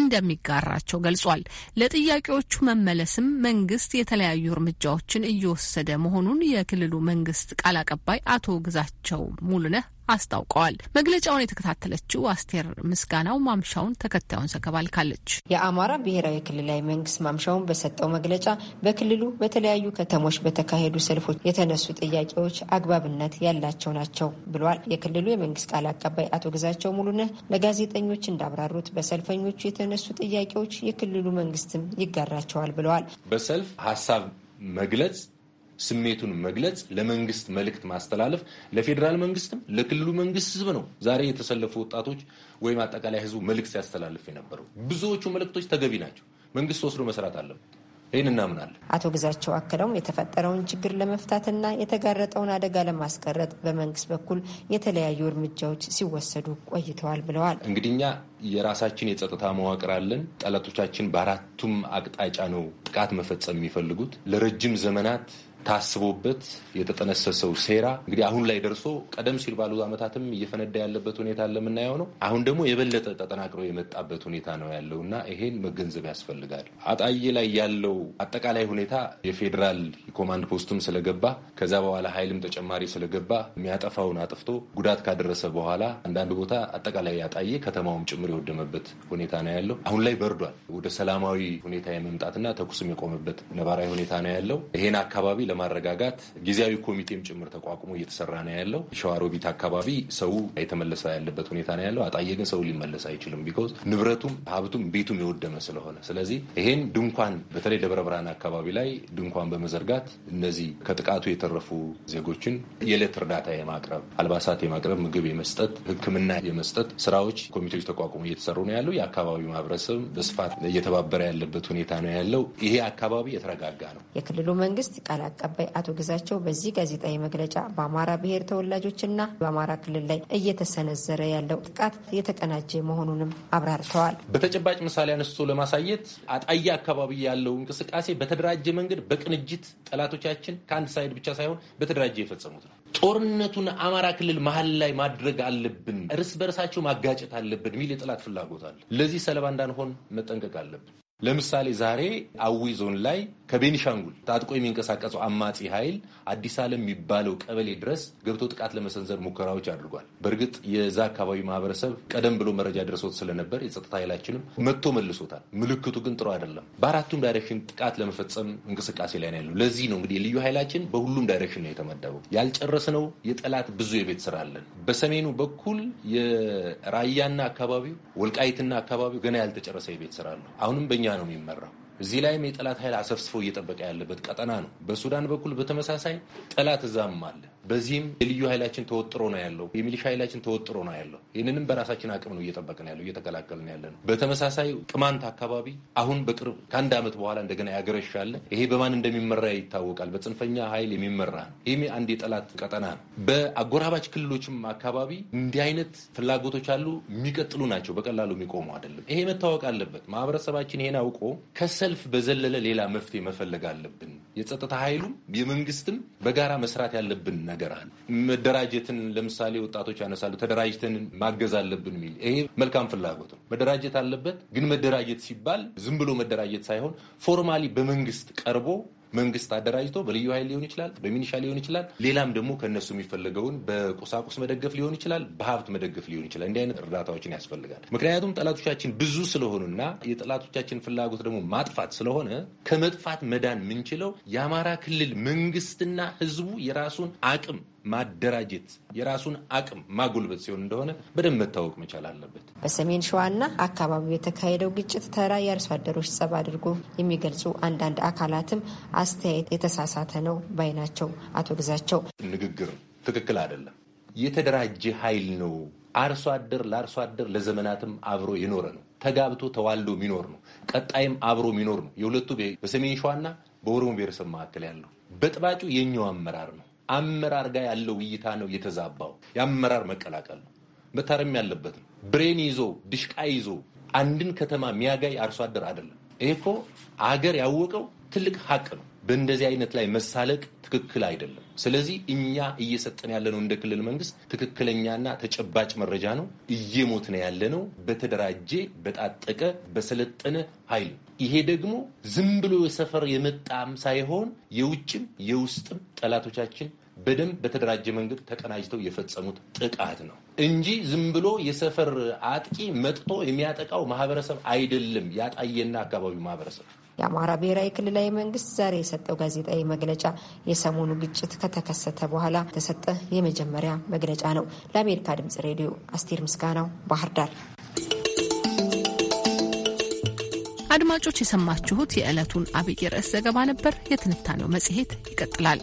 እንደሚጋራቸው ገልጿል። ለጥያቄ ለገበሬዎቹ መመለስም መንግስት የተለያዩ እርምጃዎችን እየወሰደ መሆኑን የክልሉ መንግስት ቃል አቀባይ አቶ ግዛቸው ሙሉነህ አስታውቀዋል። መግለጫውን የተከታተለችው አስቴር ምስጋናው ማምሻውን ተከታዩን ዘገባ ልካለች። የአማራ ብሔራዊ ክልላዊ መንግስት ማምሻውን በሰጠው መግለጫ በክልሉ በተለያዩ ከተሞች በተካሄዱ ሰልፎች የተነሱ ጥያቄዎች አግባብነት ያላቸው ናቸው ብሏል። የክልሉ የመንግስት ቃል አቀባይ አቶ ግዛቸው ሙሉነህ ለጋዜጠኞች እንዳብራሩት በሰልፈኞቹ የተነሱ ጥያቄዎች የክልሉ መንግስትም ይጋራቸዋል ብለዋል። በሰልፍ ሀሳብ መግለጽ ስሜቱን መግለጽ፣ ለመንግስት መልእክት ማስተላለፍ፣ ለፌዴራል መንግስትም ለክልሉ መንግስት ህዝብ ነው። ዛሬ የተሰለፉ ወጣቶች ወይም አጠቃላይ ህዝቡ መልእክት ሲያስተላልፍ የነበረው ብዙዎቹ መልእክቶች ተገቢ ናቸው። መንግስት ወስዶ መስራት አለበት። ይህን እናምናለን። አቶ ግዛቸው አክለውም የተፈጠረውን ችግር ለመፍታትና የተጋረጠውን አደጋ ለማስቀረጥ በመንግስት በኩል የተለያዩ እርምጃዎች ሲወሰዱ ቆይተዋል ብለዋል። እንግዲህ እኛ የራሳችን የጸጥታ መዋቅር አለን። ጠላቶቻችን በአራቱም አቅጣጫ ነው ጥቃት መፈጸም የሚፈልጉት ለረጅም ዘመናት ታስቦበት የተጠነሰሰው ሴራ እንግዲህ አሁን ላይ ደርሶ ቀደም ሲል ባሉ ዓመታትም እየፈነዳ ያለበት ሁኔታ ለምናየው ነው። አሁን ደግሞ የበለጠ ተጠናክሮ የመጣበት ሁኔታ ነው ያለው እና ይሄን መገንዘብ ያስፈልጋል። አጣዬ ላይ ያለው አጠቃላይ ሁኔታ የፌዴራል ኮማንድ ፖስትም ስለገባ ከዛ በኋላ ኃይልም ተጨማሪ ስለገባ የሚያጠፋውን አጥፍቶ ጉዳት ካደረሰ በኋላ አንዳንድ ቦታ አጠቃላይ አጣዬ ከተማውም ጭምር የወደመበት ሁኔታ ነው ያለው። አሁን ላይ በርዷል። ወደ ሰላማዊ ሁኔታ የመምጣትና ተኩስም የቆመበት ነባራዊ ሁኔታ ነው ያለው። ይሄን አካባቢ ለማረጋጋት ጊዜያዊ ኮሚቴም ጭምር ተቋቁሞ እየተሰራ ነው ያለው። ሸዋሮቢት አካባቢ ሰው የተመለሰ ያለበት ሁኔታ ነው ያለው። አጣዬ ግን ሰው ሊመለስ አይችልም። ቢኮዝ ንብረቱም ሀብቱም ቤቱም የወደመ ስለሆነ፣ ስለዚህ ይሄን ድንኳን በተለይ ደብረ ብርሃን አካባቢ ላይ ድንኳን በመዘርጋት እነዚህ ከጥቃቱ የተረፉ ዜጎችን የዕለት እርዳታ የማቅረብ አልባሳት የማቅረብ ምግብ የመስጠት ሕክምና የመስጠት ስራዎች ኮሚቴዎች ተቋቁሞ እየተሰሩ ነው ያለው። የአካባቢው ማህበረሰብ በስፋት እየተባበረ ያለበት ሁኔታ ነው ያለው። ይሄ አካባቢ የተረጋጋ ነው። የክልሉ መንግስት ቃል አቀ አቀባይ አቶ ግዛቸው በዚህ ጋዜጣዊ መግለጫ በአማራ ብሔር ተወላጆችና በአማራ ክልል ላይ እየተሰነዘረ ያለው ጥቃት የተቀናጀ መሆኑንም አብራርተዋል። በተጨባጭ ምሳሌ አነስቶ ለማሳየት አጣያ አካባቢ ያለው እንቅስቃሴ በተደራጀ መንገድ በቅንጅት ጠላቶቻችን ከአንድ ሳይድ ብቻ ሳይሆን በተደራጀ የፈጸሙት ነው። ጦርነቱን አማራ ክልል መሀል ላይ ማድረግ አለብን፣ እርስ በርሳቸው ማጋጨት አለብን የሚል የጠላት ፍላጎት አለ። ለዚህ ሰለባ እንዳንሆን መጠንቀቅ አለብን። ለምሳሌ ዛሬ አዊ ዞን ላይ ከቤኒሻንጉል ታጥቆ የሚንቀሳቀሰው አማጺ ኃይል አዲስ ዓለም የሚባለው ቀበሌ ድረስ ገብቶ ጥቃት ለመሰንዘር ሙከራዎች አድርጓል። በእርግጥ የዛ አካባቢ ማህበረሰብ ቀደም ብሎ መረጃ ደርሶት ስለነበር የጸጥታ ኃይላችንም መጥቶ መልሶታል። ምልክቱ ግን ጥሩ አይደለም። በአራቱም ዳይሬክሽን ጥቃት ለመፈጸም እንቅስቃሴ ላይ ነው ያለው። ለዚህ ነው እንግዲህ ልዩ ኃይላችን በሁሉም ዳይሬክሽን ነው የተመደበው። ያልጨረስነው የጠላት ብዙ የቤት ስራ አለን። በሰሜኑ በኩል የራያና አካባቢው ወልቃይትና አካባቢው ገና ያልተጨረሰ የቤት ስራ አለ። አሁንም በእኛ ነው የሚመራው እዚህ ላይም የጠላት ኃይል አሰፍስፎ እየጠበቀ ያለበት ቀጠና ነው። በሱዳን በኩል በተመሳሳይ ጠላት እዛም አለ። በዚህም የልዩ ኃይላችን ተወጥሮ ነው ያለው፣ የሚሊሻ ኃይላችን ተወጥሮ ነው ያለው። ይህንንም በራሳችን አቅም ነው እየጠበቅን ያለው እየተከላከልን ያለ ነው። በተመሳሳይ ቅማንት አካባቢ አሁን በቅርብ ከአንድ ዓመት በኋላ እንደገና ያገረሻለ። ይሄ በማን እንደሚመራ ይታወቃል። በጽንፈኛ ኃይል የሚመራ ነው። ይህም አንድ የጠላት ቀጠና ነው። በአጎራባች ክልሎችም አካባቢ እንዲህ አይነት ፍላጎቶች አሉ። የሚቀጥሉ ናቸው። በቀላሉ የሚቆሙ አይደለም። ይሄ መታወቅ አለበት። ማህበረሰባችን ይሄን አውቆ ከሰልፍ በዘለለ ሌላ መፍትሄ መፈለግ አለብን። የጸጥታ ኃይሉም የመንግስትም በጋራ መስራት ያለብን ነገር አለ። መደራጀትን ለምሳሌ ወጣቶች ያነሳሉ። ተደራጅተን ማገዝ አለብን የሚል ይሄ መልካም ፍላጎት ነው። መደራጀት አለበት። ግን መደራጀት ሲባል ዝም ብሎ መደራጀት ሳይሆን ፎርማሊ በመንግስት ቀርቦ መንግስት አደራጅቶ በልዩ ኃይል ሊሆን ይችላል፣ በሚኒሻ ሊሆን ይችላል፣ ሌላም ደግሞ ከእነሱ የሚፈለገውን በቁሳቁስ መደገፍ ሊሆን ይችላል፣ በሀብት መደገፍ ሊሆን ይችላል። እንዲህ አይነት እርዳታዎችን ያስፈልጋል። ምክንያቱም ጠላቶቻችን ብዙ ስለሆኑና የጠላቶቻችን ፍላጎት ደግሞ ማጥፋት ስለሆነ ከመጥፋት መዳን የምንችለው የአማራ ክልል መንግስትና ህዝቡ የራሱን አቅም ማደራጀት የራሱን አቅም ማጎልበት ሲሆን እንደሆነ በደንብ መታወቅ መቻል አለበት። በሰሜን ሸዋና አካባቢው የተካሄደው ግጭት ተራ የአርሶ አደሮች ጸብ አድርጎ የሚገልጹ አንዳንድ አካላትም አስተያየት የተሳሳተ ነው ባይ ናቸው። አቶ ግዛቸው ንግግር ትክክል አይደለም፣ የተደራጀ ኃይል ነው። አርሶ አደር ለአርሶ አደር ለዘመናትም አብሮ የኖረ ነው። ተጋብቶ ተዋልዶ የሚኖር ነው። ቀጣይም አብሮ የሚኖር ነው። የሁለቱ በሰሜን ሸዋና በኦሮሞ ብሔረሰብ መካከል ያለው በጥባጩ የኛው አመራር ነው። አመራር ጋር ያለው እይታ ነው የተዛባው። የአመራር መቀላቀል ነው፣ መታረም ያለበት ነው። ብሬን ይዞ ድሽቃ ይዞ አንድን ከተማ ሚያጋይ አርሶ አደር አይደለም። ይሄ እኮ አገር ያወቀው ትልቅ ሀቅ ነው። በእንደዚህ አይነት ላይ መሳለቅ ትክክል አይደለም። ስለዚህ እኛ እየሰጠን ያለነው እንደ ክልል መንግስት ትክክለኛና ተጨባጭ መረጃ ነው። እየሞት ነው ያለነው በተደራጀ በጣጠቀ በሰለጠነ ኃይል ይሄ ደግሞ ዝም ብሎ የሰፈር የመጣም ሳይሆን የውጭም የውስጥም ጠላቶቻችን በደንብ በተደራጀ መንገድ ተቀናጅተው የፈጸሙት ጥቃት ነው እንጂ ዝም ብሎ የሰፈር አጥቂ መጥቶ የሚያጠቃው ማህበረሰብ አይደለም። ያጣየና አካባቢው ማህበረሰብ የአማራ ብሔራዊ ክልላዊ መንግስት ዛሬ የሰጠው ጋዜጣዊ መግለጫ የሰሞኑ ግጭት ከተከሰተ በኋላ የተሰጠ የመጀመሪያ መግለጫ ነው። ለአሜሪካ ድምጽ ሬዲዮ አስቴር ምስጋናው ባህር ዳር አድማጮች የሰማችሁት የዕለቱን አብይ ርዕስ ዘገባ ነበር። የትንታኔው መጽሔት ይቀጥላል።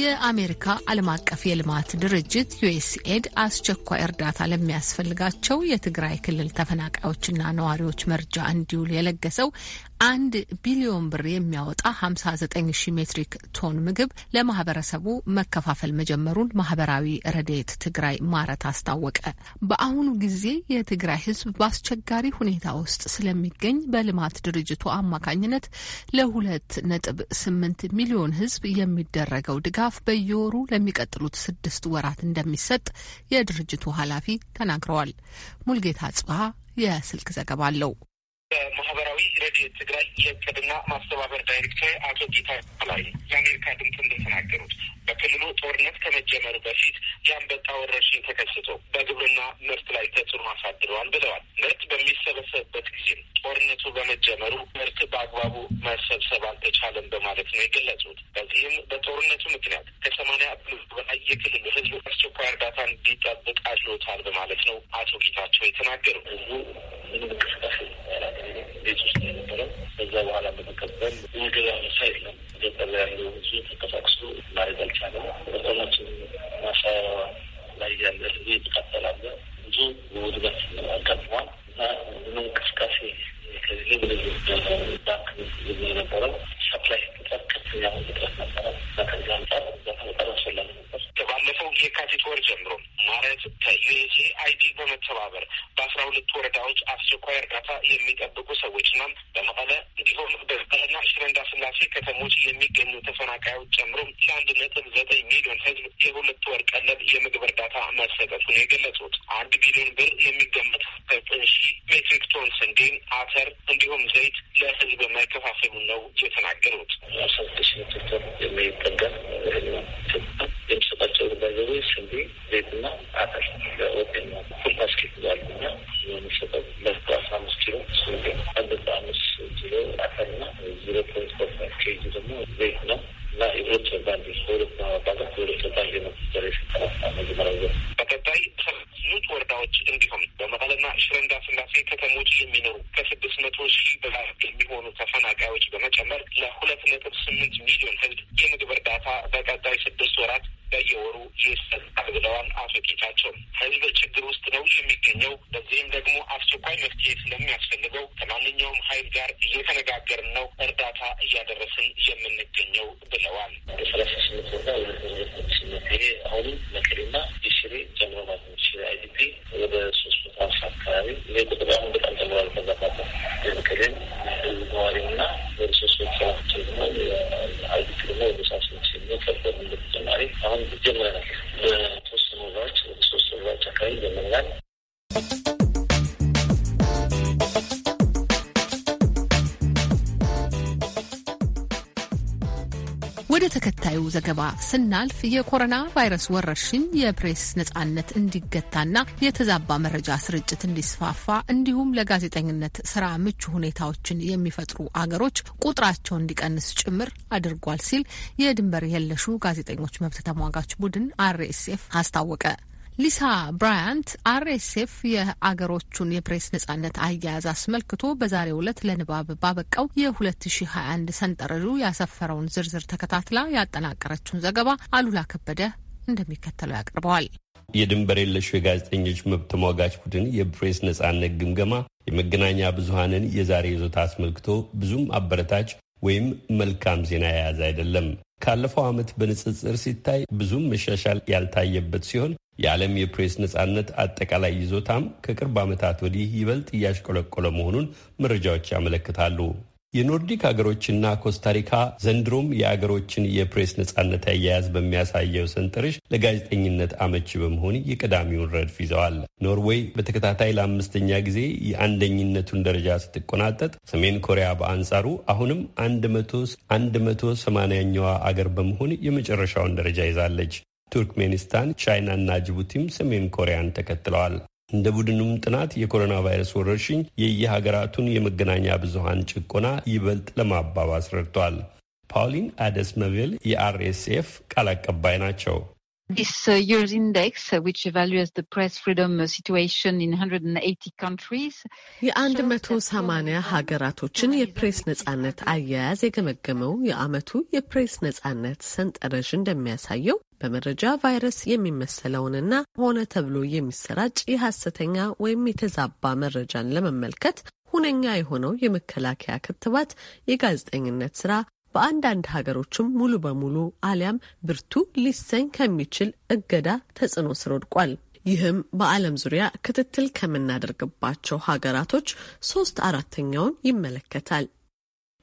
የአሜሪካ ዓለም አቀፍ የልማት ድርጅት ዩኤስኤድ አስቸኳይ እርዳታ ለሚያስፈልጋቸው የትግራይ ክልል ተፈናቃዮችና ነዋሪዎች መርጃ እንዲውል የለገሰው አንድ ቢሊዮን ብር የሚያወጣ 59 ሺህ ሜትሪክ ቶን ምግብ ለማህበረሰቡ መከፋፈል መጀመሩን ማህበራዊ ረድኤት ትግራይ ማረት አስታወቀ። በአሁኑ ጊዜ የትግራይ ሕዝብ በአስቸጋሪ ሁኔታ ውስጥ ስለሚገኝ በልማት ድርጅቱ አማካኝነት ለሁለት ነጥብ ስምንት ሚሊዮን ሕዝብ የሚደረገው ድጋፍ በየወሩ ለሚቀጥሉት ስድስት ወራት እንደሚሰጥ የድርጅቱ ኃላፊ ተናግረዋል። ሙልጌታ ጽብሃ የስልክ ዘገባ አለው። በማህበራዊ ረድኤት ትግራይ የእቅድና ማስተባበር ዳይሬክተር አቶ ጌታ ላይ የአሜሪካ ድምፅ እንደተናገሩት በክልሉ ጦርነት ከመጀመሩ በፊት የአንበጣ ወረርሽኝ ተከስቶ በግብርና ምርት ላይ ተጽዕኖ አሳድረዋል ብለዋል። ምርት በሚሰበሰብበት ጊዜ ጦርነቱ በመጀመሩ ምርት በአግባቡ መሰብሰብ አልተቻለም በማለት ነው የገለጹት። በዚህም በጦርነቱ ምክንያት ከሰማኒያ በላይ የክልሉ ሕዝብ አስቸኳይ እርዳታ እንዲጠብቅ አድሎታል በማለት ነው አቶ ጌታቸው የተናገሩ። ብዙ እንቅስቃሴ ቤት ውስጥ የነበረው በዛ በኋላ በመቀበል የገዛ መሳ የለም ገጠር ያለው ህዝብ ተንቀሳቅሶ ማድረግ አልቻለም። በጠናችን ማሳ ላይ ያለ ህዝብ የተቃጠላለ ብዙ ውድበት አጋጥሟል እና ምንም እንቅስቃሴ ከዚህ ምንም ባንክ የነበረው ሰፕላይ ጥረት ከፍተኛ ጥረት ነበረ እና ከዚህ አንጻር በጣም አስፈላጊ ነበር። ከባለፈው የካቲት ወር ጀምሮ ማለት ከዩኤስኤአይዲ በመተባበር በአስራ ሁለት ወረዳዎች አስቸኳይ እርዳታ የሚጠብቁ ስናልፍ የኮሮና ቫይረስ ወረርሽኝ የፕሬስ ነጻነት እንዲገታና የተዛባ መረጃ ስርጭት እንዲስፋፋ እንዲሁም ለጋዜጠኝነት ስራ ምቹ ሁኔታዎችን የሚፈጥሩ አገሮች ቁጥራቸው እንዲቀንስ ጭምር አድርጓል ሲል የድንበር የለሹ ጋዜጠኞች መብት ተሟጋች ቡድን አርኤስኤፍ አስታወቀ። ሊሳ ብራያንት አርኤስኤፍ የአገሮቹን የፕሬስ ነጻነት አያያዝ አስመልክቶ በዛሬው ዕለት ለንባብ ባበቃው የ2021 ሰንጠረዡ ያሰፈረውን ዝርዝር ተከታትላ ያጠናቀረችውን ዘገባ አሉላ ከበደ እንደሚከተለው ያቀርበዋል። የድንበር የለሹ የጋዜጠኞች መብት ተሟጋች ቡድን የፕሬስ ነጻነት ግምገማ የመገናኛ ብዙሀንን የዛሬ ይዞታ አስመልክቶ ብዙም አበረታች ወይም መልካም ዜና የያዘ አይደለም። ካለፈው ዓመት በንጽጽር ሲታይ ብዙም መሻሻል ያልታየበት ሲሆን የዓለም የፕሬስ ነጻነት አጠቃላይ ይዞታም ከቅርብ ዓመታት ወዲህ ይበልጥ እያሽቆለቆለ መሆኑን መረጃዎች ያመለክታሉ። የኖርዲክ ሀገሮችና ኮስታሪካ ዘንድሮም የአገሮችን የፕሬስ ነጻነት አያያዝ በሚያሳየው ሰንጠረዥ ለጋዜጠኝነት አመቺ በመሆን የቀዳሚውን ረድፍ ይዘዋል። ኖርዌይ በተከታታይ ለአምስተኛ ጊዜ የአንደኝነቱን ደረጃ ስትቆናጠጥ፣ ሰሜን ኮሪያ በአንጻሩ አሁንም አንድ መቶ ሰማንያኛዋ አገር በመሆን የመጨረሻውን ደረጃ ይዛለች። ቱርክሜኒስታን፣ ቻይና ጅቡቲም ሰሜን ኮሪያን ተከትለዋል። እንደ ቡድኑም ጥናት የኮሮና ቫይረስ ወረርሽኝ የየሀገራቱን የመገናኛ ብዙሀን ጭቆና ይበልጥ ለማባባስ ረድቷል። ፓውሊን አደስ መቬል የአርኤስኤፍ ቃል አቀባይ ናቸው። የአንድ መቶ ሰማንያ ሀገራቶችን የፕሬስ ነጻነት አያያዝ የገመገመው የዓመቱ የፕሬስ ነጻነት ሰንጠረዥ እንደሚያሳየው በመረጃ ቫይረስ የሚመሰለውንና ሆነ ተብሎ የሚሰራጭ የሐሰተኛ ወይም የተዛባ መረጃን ለመመልከት ሁነኛ የሆነው የመከላከያ ክትባት የጋዜጠኝነት ስራ በአንዳንድ ሀገሮችም ሙሉ በሙሉ አሊያም ብርቱ ሊሰኝ ከሚችል እገዳ ተጽዕኖ ስር ወድቋል። ይህም በዓለም ዙሪያ ክትትል ከምናደርግባቸው ሀገራቶች ሶስት አራተኛውን ይመለከታል።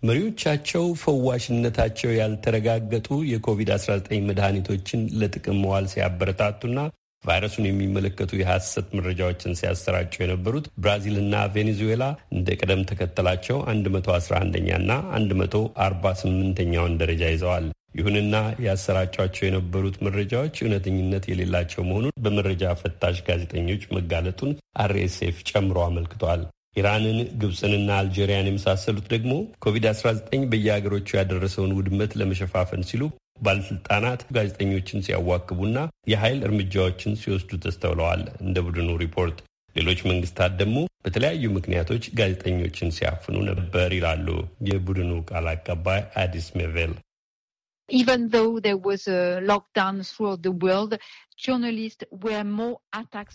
መሪዎቻቸው ፈዋሽነታቸው ያልተረጋገጡ የኮቪድ-19 መድኃኒቶችን ለጥቅም መዋል ሲያበረታቱና ቫይረሱን የሚመለከቱ የሐሰት መረጃዎችን ሲያሰራጩ የነበሩት ብራዚልና ቬኔዙዌላ እንደ ቅደም ተከተላቸው 111ኛና 148ኛውን ደረጃ ይዘዋል። ይሁንና ያሰራጯቸው የነበሩት መረጃዎች እውነተኝነት የሌላቸው መሆኑን በመረጃ ፈታሽ ጋዜጠኞች መጋለጡን አርኤስኤፍ ጨምሮ አመልክቷል። ኢራንን፣ ግብፅንና አልጄሪያን የመሳሰሉት ደግሞ ኮቪድ-19 በየሀገሮቹ ያደረሰውን ውድመት ለመሸፋፈን ሲሉ ባለስልጣናት ጋዜጠኞችን ሲያዋክቡና የኃይል እርምጃዎችን ሲወስዱ ተስተውለዋል። እንደ ቡድኑ ሪፖርት ሌሎች መንግስታት ደግሞ በተለያዩ ምክንያቶች ጋዜጠኞችን ሲያፍኑ ነበር ይላሉ የቡድኑ ቃል አቀባይ አዲስ ሜቬል። even though there was a lockdown throughout the world,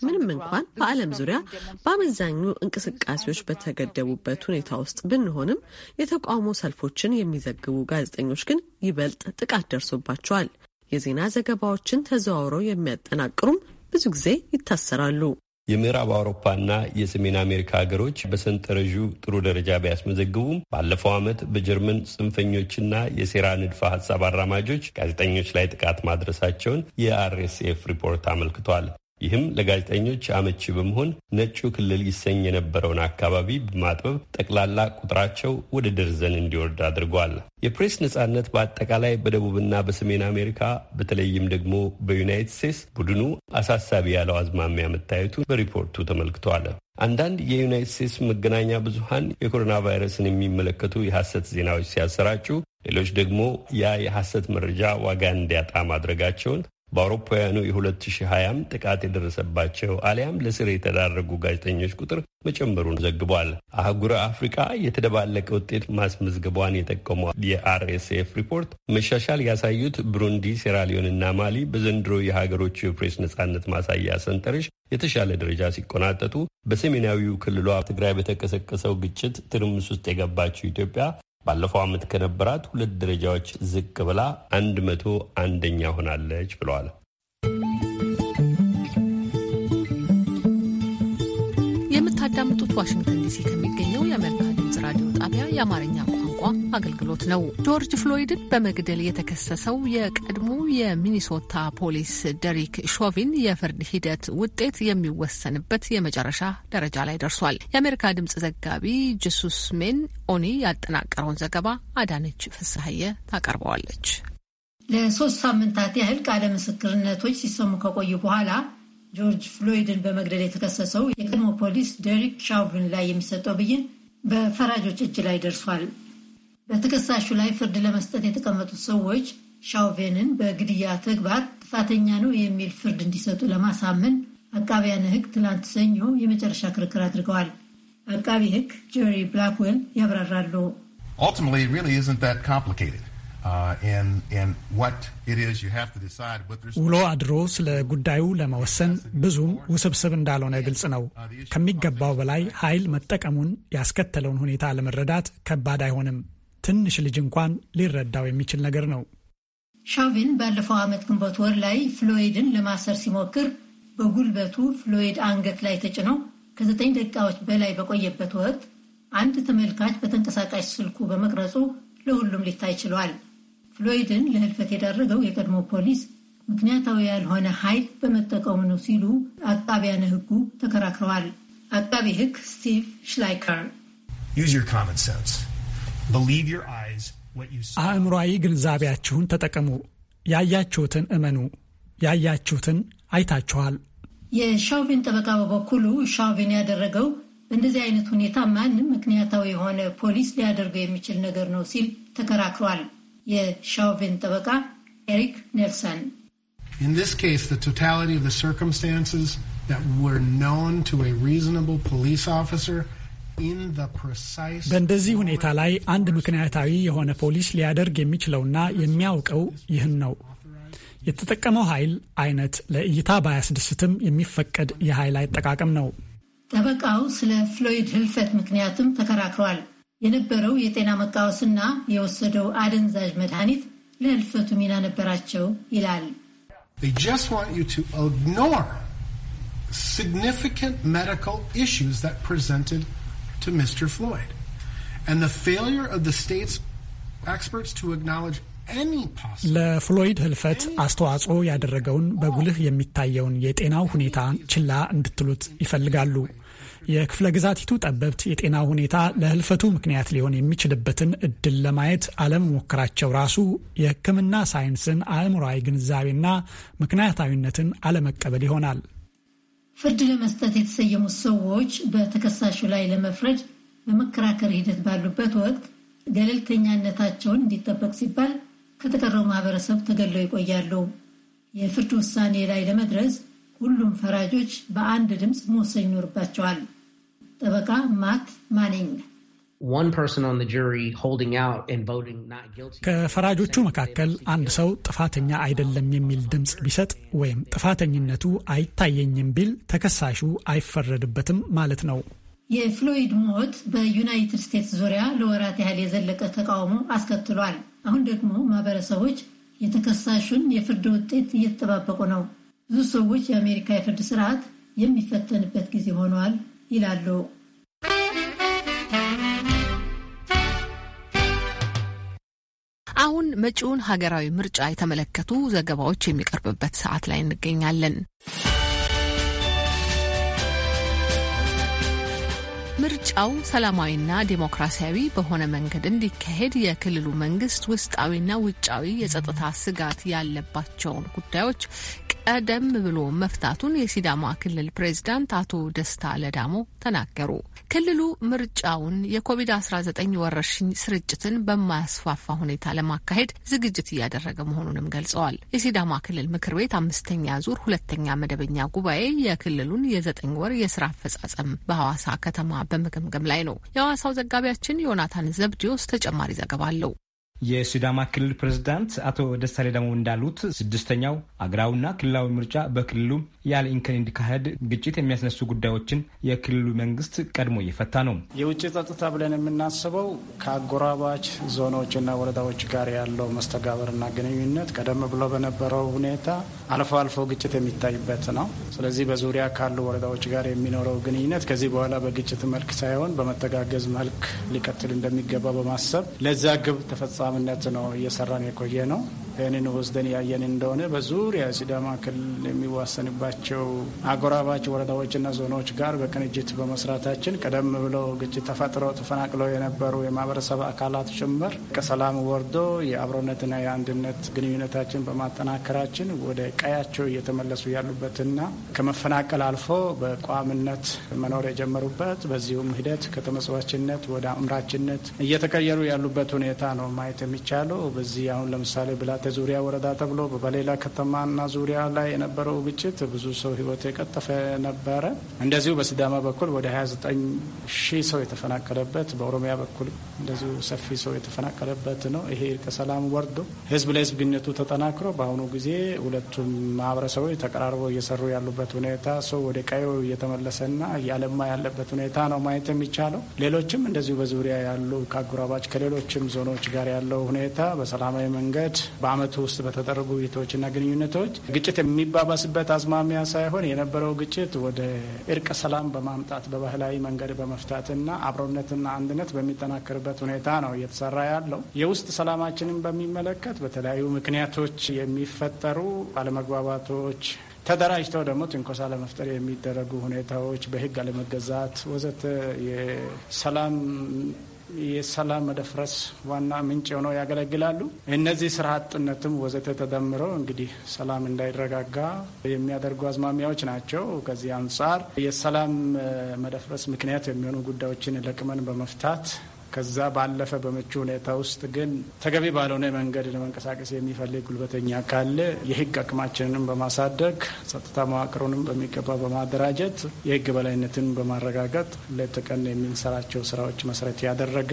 ምንም እንኳን በዓለም ዙሪያ በአመዛኙ እንቅስቃሴዎች በተገደቡበት ሁኔታ ውስጥ ብንሆንም የተቃውሞ ሰልፎችን የሚዘግቡ ጋዜጠኞች ግን ይበልጥ ጥቃት ደርሶባቸዋል። የዜና ዘገባዎችን ተዘዋውረው የሚያጠናቅሩም ብዙ ጊዜ ይታሰራሉ። የምዕራብ አውሮፓና የሰሜን አሜሪካ ሀገሮች በሰንጠረዡ ጥሩ ደረጃ ቢያስመዘግቡም ባለፈው ዓመት በጀርመን ጽንፈኞችና የሴራ ንድፈ ሀሳብ አራማጆች ጋዜጠኞች ላይ ጥቃት ማድረሳቸውን የአርኤስኤፍ ሪፖርት አመልክቷል። ይህም ለጋዜጠኞች አመቺ በመሆን ነጩ ክልል ይሰኝ የነበረውን አካባቢ በማጥበብ ጠቅላላ ቁጥራቸው ወደ ደርዘን እንዲወርድ አድርጓል። የፕሬስ ነጻነት በአጠቃላይ በደቡብና በሰሜን አሜሪካ በተለይም ደግሞ በዩናይትድ ስቴትስ ቡድኑ አሳሳቢ ያለው አዝማሚያ መታየቱ በሪፖርቱ ተመልክቷል። አንዳንድ የዩናይት ስቴትስ መገናኛ ብዙሃን የኮሮና ቫይረስን የሚመለከቱ የሐሰት ዜናዎች ሲያሰራጩ ሌሎች ደግሞ ያ የሐሰት መረጃ ዋጋ እንዲያጣ ማድረጋቸውን በአውሮፓውያኑ የ2020 ጥቃት የደረሰባቸው አሊያም ለስር የተዳረጉ ጋዜጠኞች ቁጥር መጨመሩን ዘግቧል። አህጉረ አፍሪካ የተደባለቀ ውጤት ማስመዝገቧን የጠቀመው የአርኤስኤፍ ሪፖርት መሻሻል ያሳዩት ብሩንዲ፣ ሴራሊዮንና ማሊ በዘንድሮ የሀገሮቹ የፕሬስ ነጻነት ማሳያ ሰንጠረዥ የተሻለ ደረጃ ሲቆናጠጡ፣ በሰሜናዊው ክልሏ ትግራይ በተቀሰቀሰው ግጭት ትርምስ ውስጥ የገባችው ኢትዮጵያ ባለፈው ዓመት ከነበራት ሁለት ደረጃዎች ዝቅ ብላ አንድ መቶ አንደኛ ሆናለች ብለዋል። የምታዳምጡት ዋሽንግተን ዲሲ ከሚገኘው የአሜሪካ ራዲዮ ጣቢያ የአማርኛ ቋንቋ አገልግሎት ነው። ጆርጅ ፍሎይድን በመግደል የተከሰሰው የቀድሞ የሚኒሶታ ፖሊስ ደሪክ ሾቪን የፍርድ ሂደት ውጤት የሚወሰንበት የመጨረሻ ደረጃ ላይ ደርሷል። የአሜሪካ ድምጽ ዘጋቢ ጅሱስ ሜን ኦኒ ያጠናቀረውን ዘገባ አዳነች ፍስሀየ ታቀርበዋለች። ለሶስት ሳምንታት ያህል ቃለ ምስክርነቶች ሲሰሙ ከቆዩ በኋላ ጆርጅ ፍሎይድን በመግደል የተከሰሰው የቀድሞ ፖሊስ ደሪክ ሻውቪን ላይ የሚሰጠው ብይን በፈራጆች እጅ ላይ ደርሷል። በተከሳሹ ላይ ፍርድ ለመስጠት የተቀመጡት ሰዎች ሻውቬንን በግድያ ተግባር ጥፋተኛ ነው የሚል ፍርድ እንዲሰጡ ለማሳመን አቃቢያን ሕግ ትላንት ሰኞ የመጨረሻ ክርክር አድርገዋል። አቃቢ ሕግ ጀሪ ብላክዌል ያብራራሉ። Uh, ውሎ አድሮ ስለ ጉዳዩ ለመወሰን ብዙም ውስብስብ እንዳልሆነ ግልጽ ነው። uh, ከሚገባው በላይ ኃይል መጠቀሙን ያስከተለውን ሁኔታ ለመረዳት ከባድ አይሆንም። ትንሽ ልጅ እንኳን ሊረዳው የሚችል ነገር ነው። ሻቪን ባለፈው ዓመት ግንቦት ወር ላይ ፍሎይድን ለማሰር ሲሞክር በጉልበቱ ፍሎይድ አንገት ላይ ተጭኖ ከዘጠኝ ደቂቃዎች በላይ በቆየበት ወቅት አንድ ተመልካች በተንቀሳቃሽ ስልኩ በመቅረጹ ለሁሉም ሊታይ ችሏል። ፍሎይድን ለህልፈት የዳረገው የቀድሞ ፖሊስ ምክንያታዊ ያልሆነ ኃይል በመጠቀሙ ነው ሲሉ አቃቢያነ ህጉ ተከራክረዋል። አቃቢ ህግ ስቲቭ ሽላይከር አእምሯዊ ግንዛቤያችሁን ተጠቀሙ፣ ያያችሁትን እመኑ፣ ያያችሁትን አይታችኋል። የሻውቪን ጠበቃ በበኩሉ ሻውቪን ያደረገው በእንደዚህ አይነት ሁኔታ ማንም ምክንያታዊ የሆነ ፖሊስ ሊያደርገው የሚችል ነገር ነው ሲል ተከራክሯል። የሻውቬን ጠበቃ ኤሪክ ኔልሰን በእንደዚህ ሁኔታ ላይ አንድ ምክንያታዊ የሆነ ፖሊስ ሊያደርግ የሚችለውና የሚያውቀው ይህን ነው። የተጠቀመው ኃይል አይነት ለእይታ ባያስደስትም የሚፈቀድ የኃይል አጠቃቀም ነው። ጠበቃው ስለ ፍሎይድ ህልፈት ምክንያትም ተከራክሯል። የነበረው የጤና መቃወስና የወሰደው አደንዛዥ መድኃኒት ለህልፈቱ ሚና ነበራቸው ይላል። ለፍሎይድ ህልፈት አስተዋጽኦ ያደረገውን በጉልህ የሚታየውን የጤናው ሁኔታ ችላ እንድትሉት ይፈልጋሉ። የክፍለ ግዛቲቱ ጠበብት የጤና ሁኔታ ለህልፈቱ ምክንያት ሊሆን የሚችልበትን እድል ለማየት አለመሞከራቸው ራሱ የህክምና ሳይንስን አእምሯዊ ግንዛቤና ምክንያታዊነትን አለመቀበል ይሆናል። ፍርድ ለመስጠት የተሰየሙት ሰዎች በተከሳሹ ላይ ለመፍረድ በመከራከር ሂደት ባሉበት ወቅት ገለልተኛነታቸውን እንዲጠበቅ ሲባል ከተቀረው ማህበረሰብ ተገለው ይቆያሉ። የፍርድ ውሳኔ ላይ ለመድረስ ሁሉም ፈራጆች በአንድ ድምፅ መወሰን ይኖርባቸዋል። ጠበቃ ማት ማኒንግ ከፈራጆቹ መካከል አንድ ሰው ጥፋተኛ አይደለም የሚል ድምፅ ቢሰጥ ወይም ጥፋተኝነቱ አይታየኝም ቢል ተከሳሹ አይፈረድበትም ማለት ነው። የፍሎይድ ሞት በዩናይትድ ስቴትስ ዙሪያ ለወራት ያህል የዘለቀ ተቃውሞ አስከትሏል። አሁን ደግሞ ማህበረሰቦች የተከሳሹን የፍርድ ውጤት እየተጠባበቁ ነው። ብዙ ሰዎች የአሜሪካ የፍርድ ስርዓት የሚፈተንበት ጊዜ ሆኗል ይላሉ። አሁን መጪውን ሀገራዊ ምርጫ የተመለከቱ ዘገባዎች የሚቀርብበት ሰዓት ላይ እንገኛለን። ምርጫው ሰላማዊና ዴሞክራሲያዊ በሆነ መንገድ እንዲካሄድ የክልሉ መንግስት ውስጣዊና ውጫዊ የጸጥታ ስጋት ያለባቸውን ጉዳዮች ቀደም ብሎ መፍታቱን የሲዳማ ክልል ፕሬዚዳንት አቶ ደስታ ለዳሞ ተናገሩ። ክልሉ ምርጫውን የኮቪድ-19 ወረርሽኝ ስርጭትን በማያስፋፋ ሁኔታ ለማካሄድ ዝግጅት እያደረገ መሆኑንም ገልጸዋል። የሲዳማ ክልል ምክር ቤት አምስተኛ ዙር ሁለተኛ መደበኛ ጉባኤ የክልሉን የዘጠኝ ወር የስራ አፈጻጸም በሐዋሳ ከተማ በመገምገም ላይ ነው። የሐዋሳው ዘጋቢያችን ዮናታን ዘብዲዮስ ተጨማሪ ዘገባ አለው። የሲዳማ ክልል ፕሬዝዳንት አቶ ደስታ ሌዳሞ እንዳሉት ስድስተኛው አገራዊና ክልላዊ ምርጫ በክልሉ ያለ እንከን እንዲካሄድ ግጭት የሚያስነሱ ጉዳዮችን የክልሉ መንግስት ቀድሞ እየፈታ ነው። የውጭ ጸጥታ ብለን የምናስበው ከአጎራባች ዞኖችና ወረዳዎች ጋር ያለው መስተጋበርና ግንኙነት ቀደም ብሎ በነበረው ሁኔታ አልፎ አልፎ ግጭት የሚታይበት ነው። ስለዚህ በዙሪያ ካሉ ወረዳዎች ጋር የሚኖረው ግንኙነት ከዚህ በኋላ በግጭት መልክ ሳይሆን በመተጋገዝ መልክ ሊቀጥል እንደሚገባ በማሰብ ለዛ ግብ ተፈጻ በቋሚነት ነው እየሰራን የቆየ ነው። ይህንን ወስደን ያየን እንደሆነ በዙሪያ ሲዳማ ክልል የሚዋሰንባቸው አጎራባች ወረዳዎችና ዞኖች ጋር በቅንጅት በመስራታችን ቀደም ብለው ግጭት ተፈጥሮ ተፈናቅለው የነበሩ የማህበረሰብ አካላት ጭምር ከሰላም ወርዶ የአብሮነትና የአንድነት ግንኙነታችን በማጠናከራችን ወደ ቀያቸው እየተመለሱ ያሉበትና ከመፈናቀል አልፎ በቋምነት መኖር የጀመሩበት በዚሁም ሂደት ከተመጽዋችነት ወደ አምራችነት እየተቀየሩ ያሉበት ሁኔታ ነው ማየት የሚቻለው። በዚህ አሁን ለምሳሌ ብላ ዙሪያ ወረዳ ተብሎ በሌላ ከተማና ዙሪያ ላይ የነበረው ግጭት ብዙ ሰው ህይወት የቀጠፈ ነበረ። እንደዚሁ በሲዳማ በኩል ወደ 29 ሺህ ሰው የተፈናቀለበት፣ በኦሮሚያ በኩል እንደዚሁ ሰፊ ሰው የተፈናቀለበት ነው። ይሄ ከሰላም ወርዶ ህዝብ ለህዝብ ግንኙነቱ ተጠናክሮ በአሁኑ ጊዜ ሁለቱም ማህበረሰቦች ተቀራርበው እየሰሩ ያሉበት ሁኔታ ሰው ወደ ቀዮ እየተመለሰና እያለማ ያለበት ሁኔታ ነው ማየት የሚቻለው። ሌሎችም እንደዚሁ በዙሪያ ያሉ ከአጎራባች ከሌሎችም ዞኖች ጋር ያለው ሁኔታ በሰላማዊ መንገድ በአመቱ ውስጥ በተደረጉ ውይይቶችና ግንኙነቶች ግጭት የሚባባስበት አዝማሚያ ሳይሆን የነበረው ግጭት ወደ እርቀ ሰላም በማምጣት በባህላዊ መንገድ በመፍታትና አብሮነትና አንድነት በሚጠናከርበት ሁኔታ ነው እየተሰራ ያለው። የውስጥ ሰላማችንን በሚመለከት በተለያዩ ምክንያቶች የሚፈጠሩ አለመግባባቶች ተደራጅተው ደግሞ ትንኮሳ ለመፍጠር የሚደረጉ ሁኔታዎች፣ በህግ አለመገዛት ወዘተ የሰላም የሰላም መደፍረስ ዋና ምንጭ ሆነው ያገለግላሉ። እነዚህ ስራ አጥነትም ወዘተ ተደምረው እንግዲህ ሰላም እንዳይረጋጋ የሚያደርጉ አዝማሚያዎች ናቸው። ከዚህ አንጻር የሰላም መደፍረስ ምክንያት የሚሆኑ ጉዳዮችን ለቅመን በመፍታት ከዛ ባለፈ በምቹ ሁኔታ ውስጥ ግን ተገቢ ባልሆነ መንገድ ለመንቀሳቀስ የሚፈልግ ጉልበተኛ ካለ የህግ አቅማችንንም በማሳደግ ጸጥታ መዋቅሩንም በሚገባ በማደራጀት የህግ በላይነትን በማረጋገጥ ለተቀን የምንሰራቸው ስራዎች መሰረት ያደረገ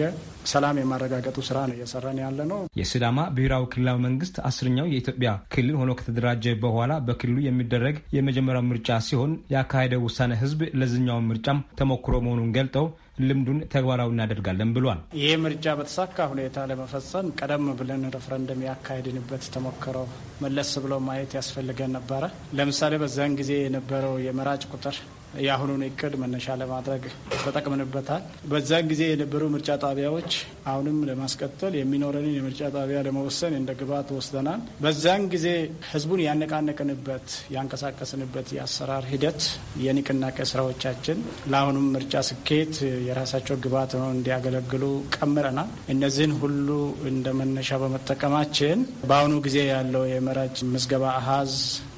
ሰላም የማረጋገጡ ስራ ነው እየሰራን ያለ ነው። የስዳማ ብሔራዊ ክልላዊ መንግስት አስረኛው የኢትዮጵያ ክልል ሆኖ ከተደራጀ በኋላ በክልሉ የሚደረግ የመጀመሪያው ምርጫ ሲሆን ያካሄደው ውሳኔ ህዝብ ለዚኛው ምርጫም ተሞክሮ መሆኑን ገልጠው ልምዱን ተግባራዊ እናደርጋለን ብሏል። ይህ ምርጫ በተሳካ ሁኔታ ለመፈጸም ቀደም ብለን ረፍረንደም ያካሄድንበት ተሞክረው መለስ ብሎ ማየት ያስፈልገን ነበረ። ለምሳሌ በዛን ጊዜ የነበረው የመራጭ ቁጥር የአሁኑን እቅድ መነሻ ለማድረግ ተጠቅምንበታል። በዛን ጊዜ የነበሩ ምርጫ ጣቢያዎች አሁንም ለማስቀጠል የሚኖረንን የምርጫ ጣቢያ ለመወሰን እንደ ግብዓት ወስደናል። በዛን ጊዜ ህዝቡን ያነቃነቅንበት ያንቀሳቀስንበት የአሰራር ሂደት የንቅናቄ ስራዎቻችን ለአሁኑም ምርጫ ስኬት የራሳቸው ግብዓት ነው እንዲያገለግሉ ቀምረናል። እነዚህን ሁሉ እንደ መነሻ በመጠቀማችን በአሁኑ ጊዜ ያለው የመራጭ ምዝገባ አሃዝ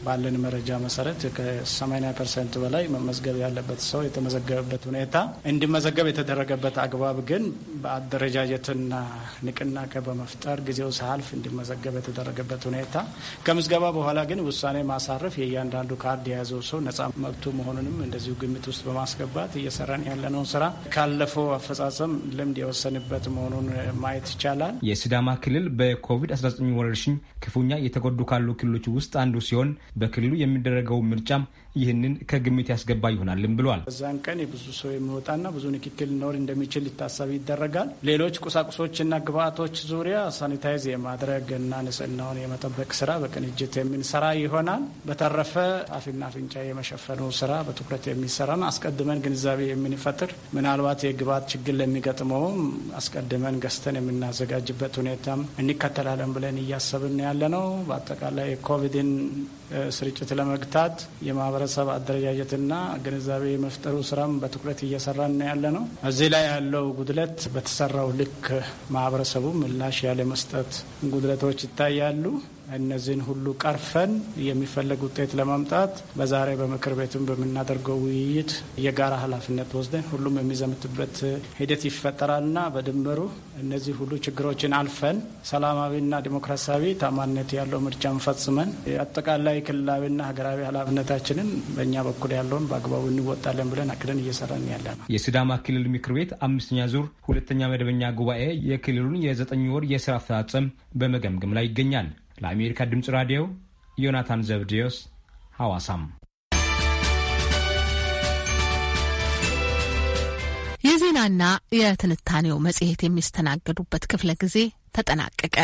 ባለን መረጃ መሰረት ከ80 ፐርሰንት በላይ መመዝገብ ያለበት ሰው የተመዘገበበት ሁኔታ እንዲመዘገብ የተደረገበት አግባብ ግን በአደረጃጀትና ንቅናቄ በመፍጠር ጊዜው ሳልፍ እንዲመዘገብ የተደረገበት ሁኔታ ከምዝገባ በኋላ ግን ውሳኔ ማሳረፍ የእያንዳንዱ ካርድ የያዘው ሰው ነጻ መብቱ መሆኑንም እንደዚሁ ግምት ውስጥ በማስገባት እየሰራን ያለነውን ስራ ካለፈው አፈጻጸም ልምድ የወሰንበት መሆኑን ማየት ይቻላል። የሲዳማ ክልል በኮቪድ-19 ወረርሽኝ ክፉኛ እየተጎዱ ካሉ ክልሎች ውስጥ አንዱ ሲሆን በክልሉ የሚደረገው ምርጫም ይህንን ከግምት ያስገባ ይሆናልም ብሏል። በዛን ቀን የብዙ ሰው የሚወጣና ብዙ ንክክል ሊኖር እንደሚችል ሊታሰብ ይደረጋል። ሌሎች ቁሳቁሶችና ግብአቶች ዙሪያ ሳኒታይዝ የማድረግ እና ንጽህናውን የመጠበቅ ስራ በቅንጅት የምንሰራ ይሆናል። በተረፈ አፍና አፍንጫ የመሸፈኑ ስራ በትኩረት የሚሰራን አስቀድመን ግንዛቤ የምንፈጥር ምናልባት የግብአት ችግር ለሚገጥመውም አስቀድመን ገዝተን የምናዘጋጅበት ሁኔታም እንከተላለን ብለን እያሰብን ያለ ነው። በአጠቃላይ የኮቪድን ስርጭት ለመግታት የማህበረ የማህበረሰብ አደረጃጀትና ግንዛቤ የመፍጠሩ ስራም በትኩረት እየሰራን ያለ ነው። እዚህ ላይ ያለው ጉድለት በተሰራው ልክ ማህበረሰቡ ምላሽ ያለ መስጠት ጉድለቶች ይታያሉ። እነዚህን ሁሉ ቀርፈን የሚፈለግ ውጤት ለማምጣት በዛሬ በምክር ቤትም በምናደርገው ውይይት የጋራ ኃላፊነት ወስደን ሁሉም የሚዘምትበት ሂደት ይፈጠራልና በድምሩ እነዚህ ሁሉ ችግሮችን አልፈን ሰላማዊና ዲሞክራሲያዊ ታማነት ያለው ምርጫን ፈጽመን አጠቃላይ ክልላዊና ሀገራዊ ኃላፊነታችንን በእኛ በኩል ያለውን በአግባቡ እንወጣለን ብለን አቅደን እየሰራን ያለ ነው። የሲዳማ ክልል ምክር ቤት አምስተኛ ዙር ሁለተኛ መደበኛ ጉባኤ የክልሉን የዘጠኝ ወር የስራ አፈጻጸም በመገምገም ላይ ይገኛል። ለአሜሪካ ድምፅ ራዲዮ ዮናታን ዘብዲዮስ ሐዋሳም። የዜናና የትንታኔው መጽሔት የሚስተናገዱበት ክፍለ ጊዜ ተጠናቀቀ።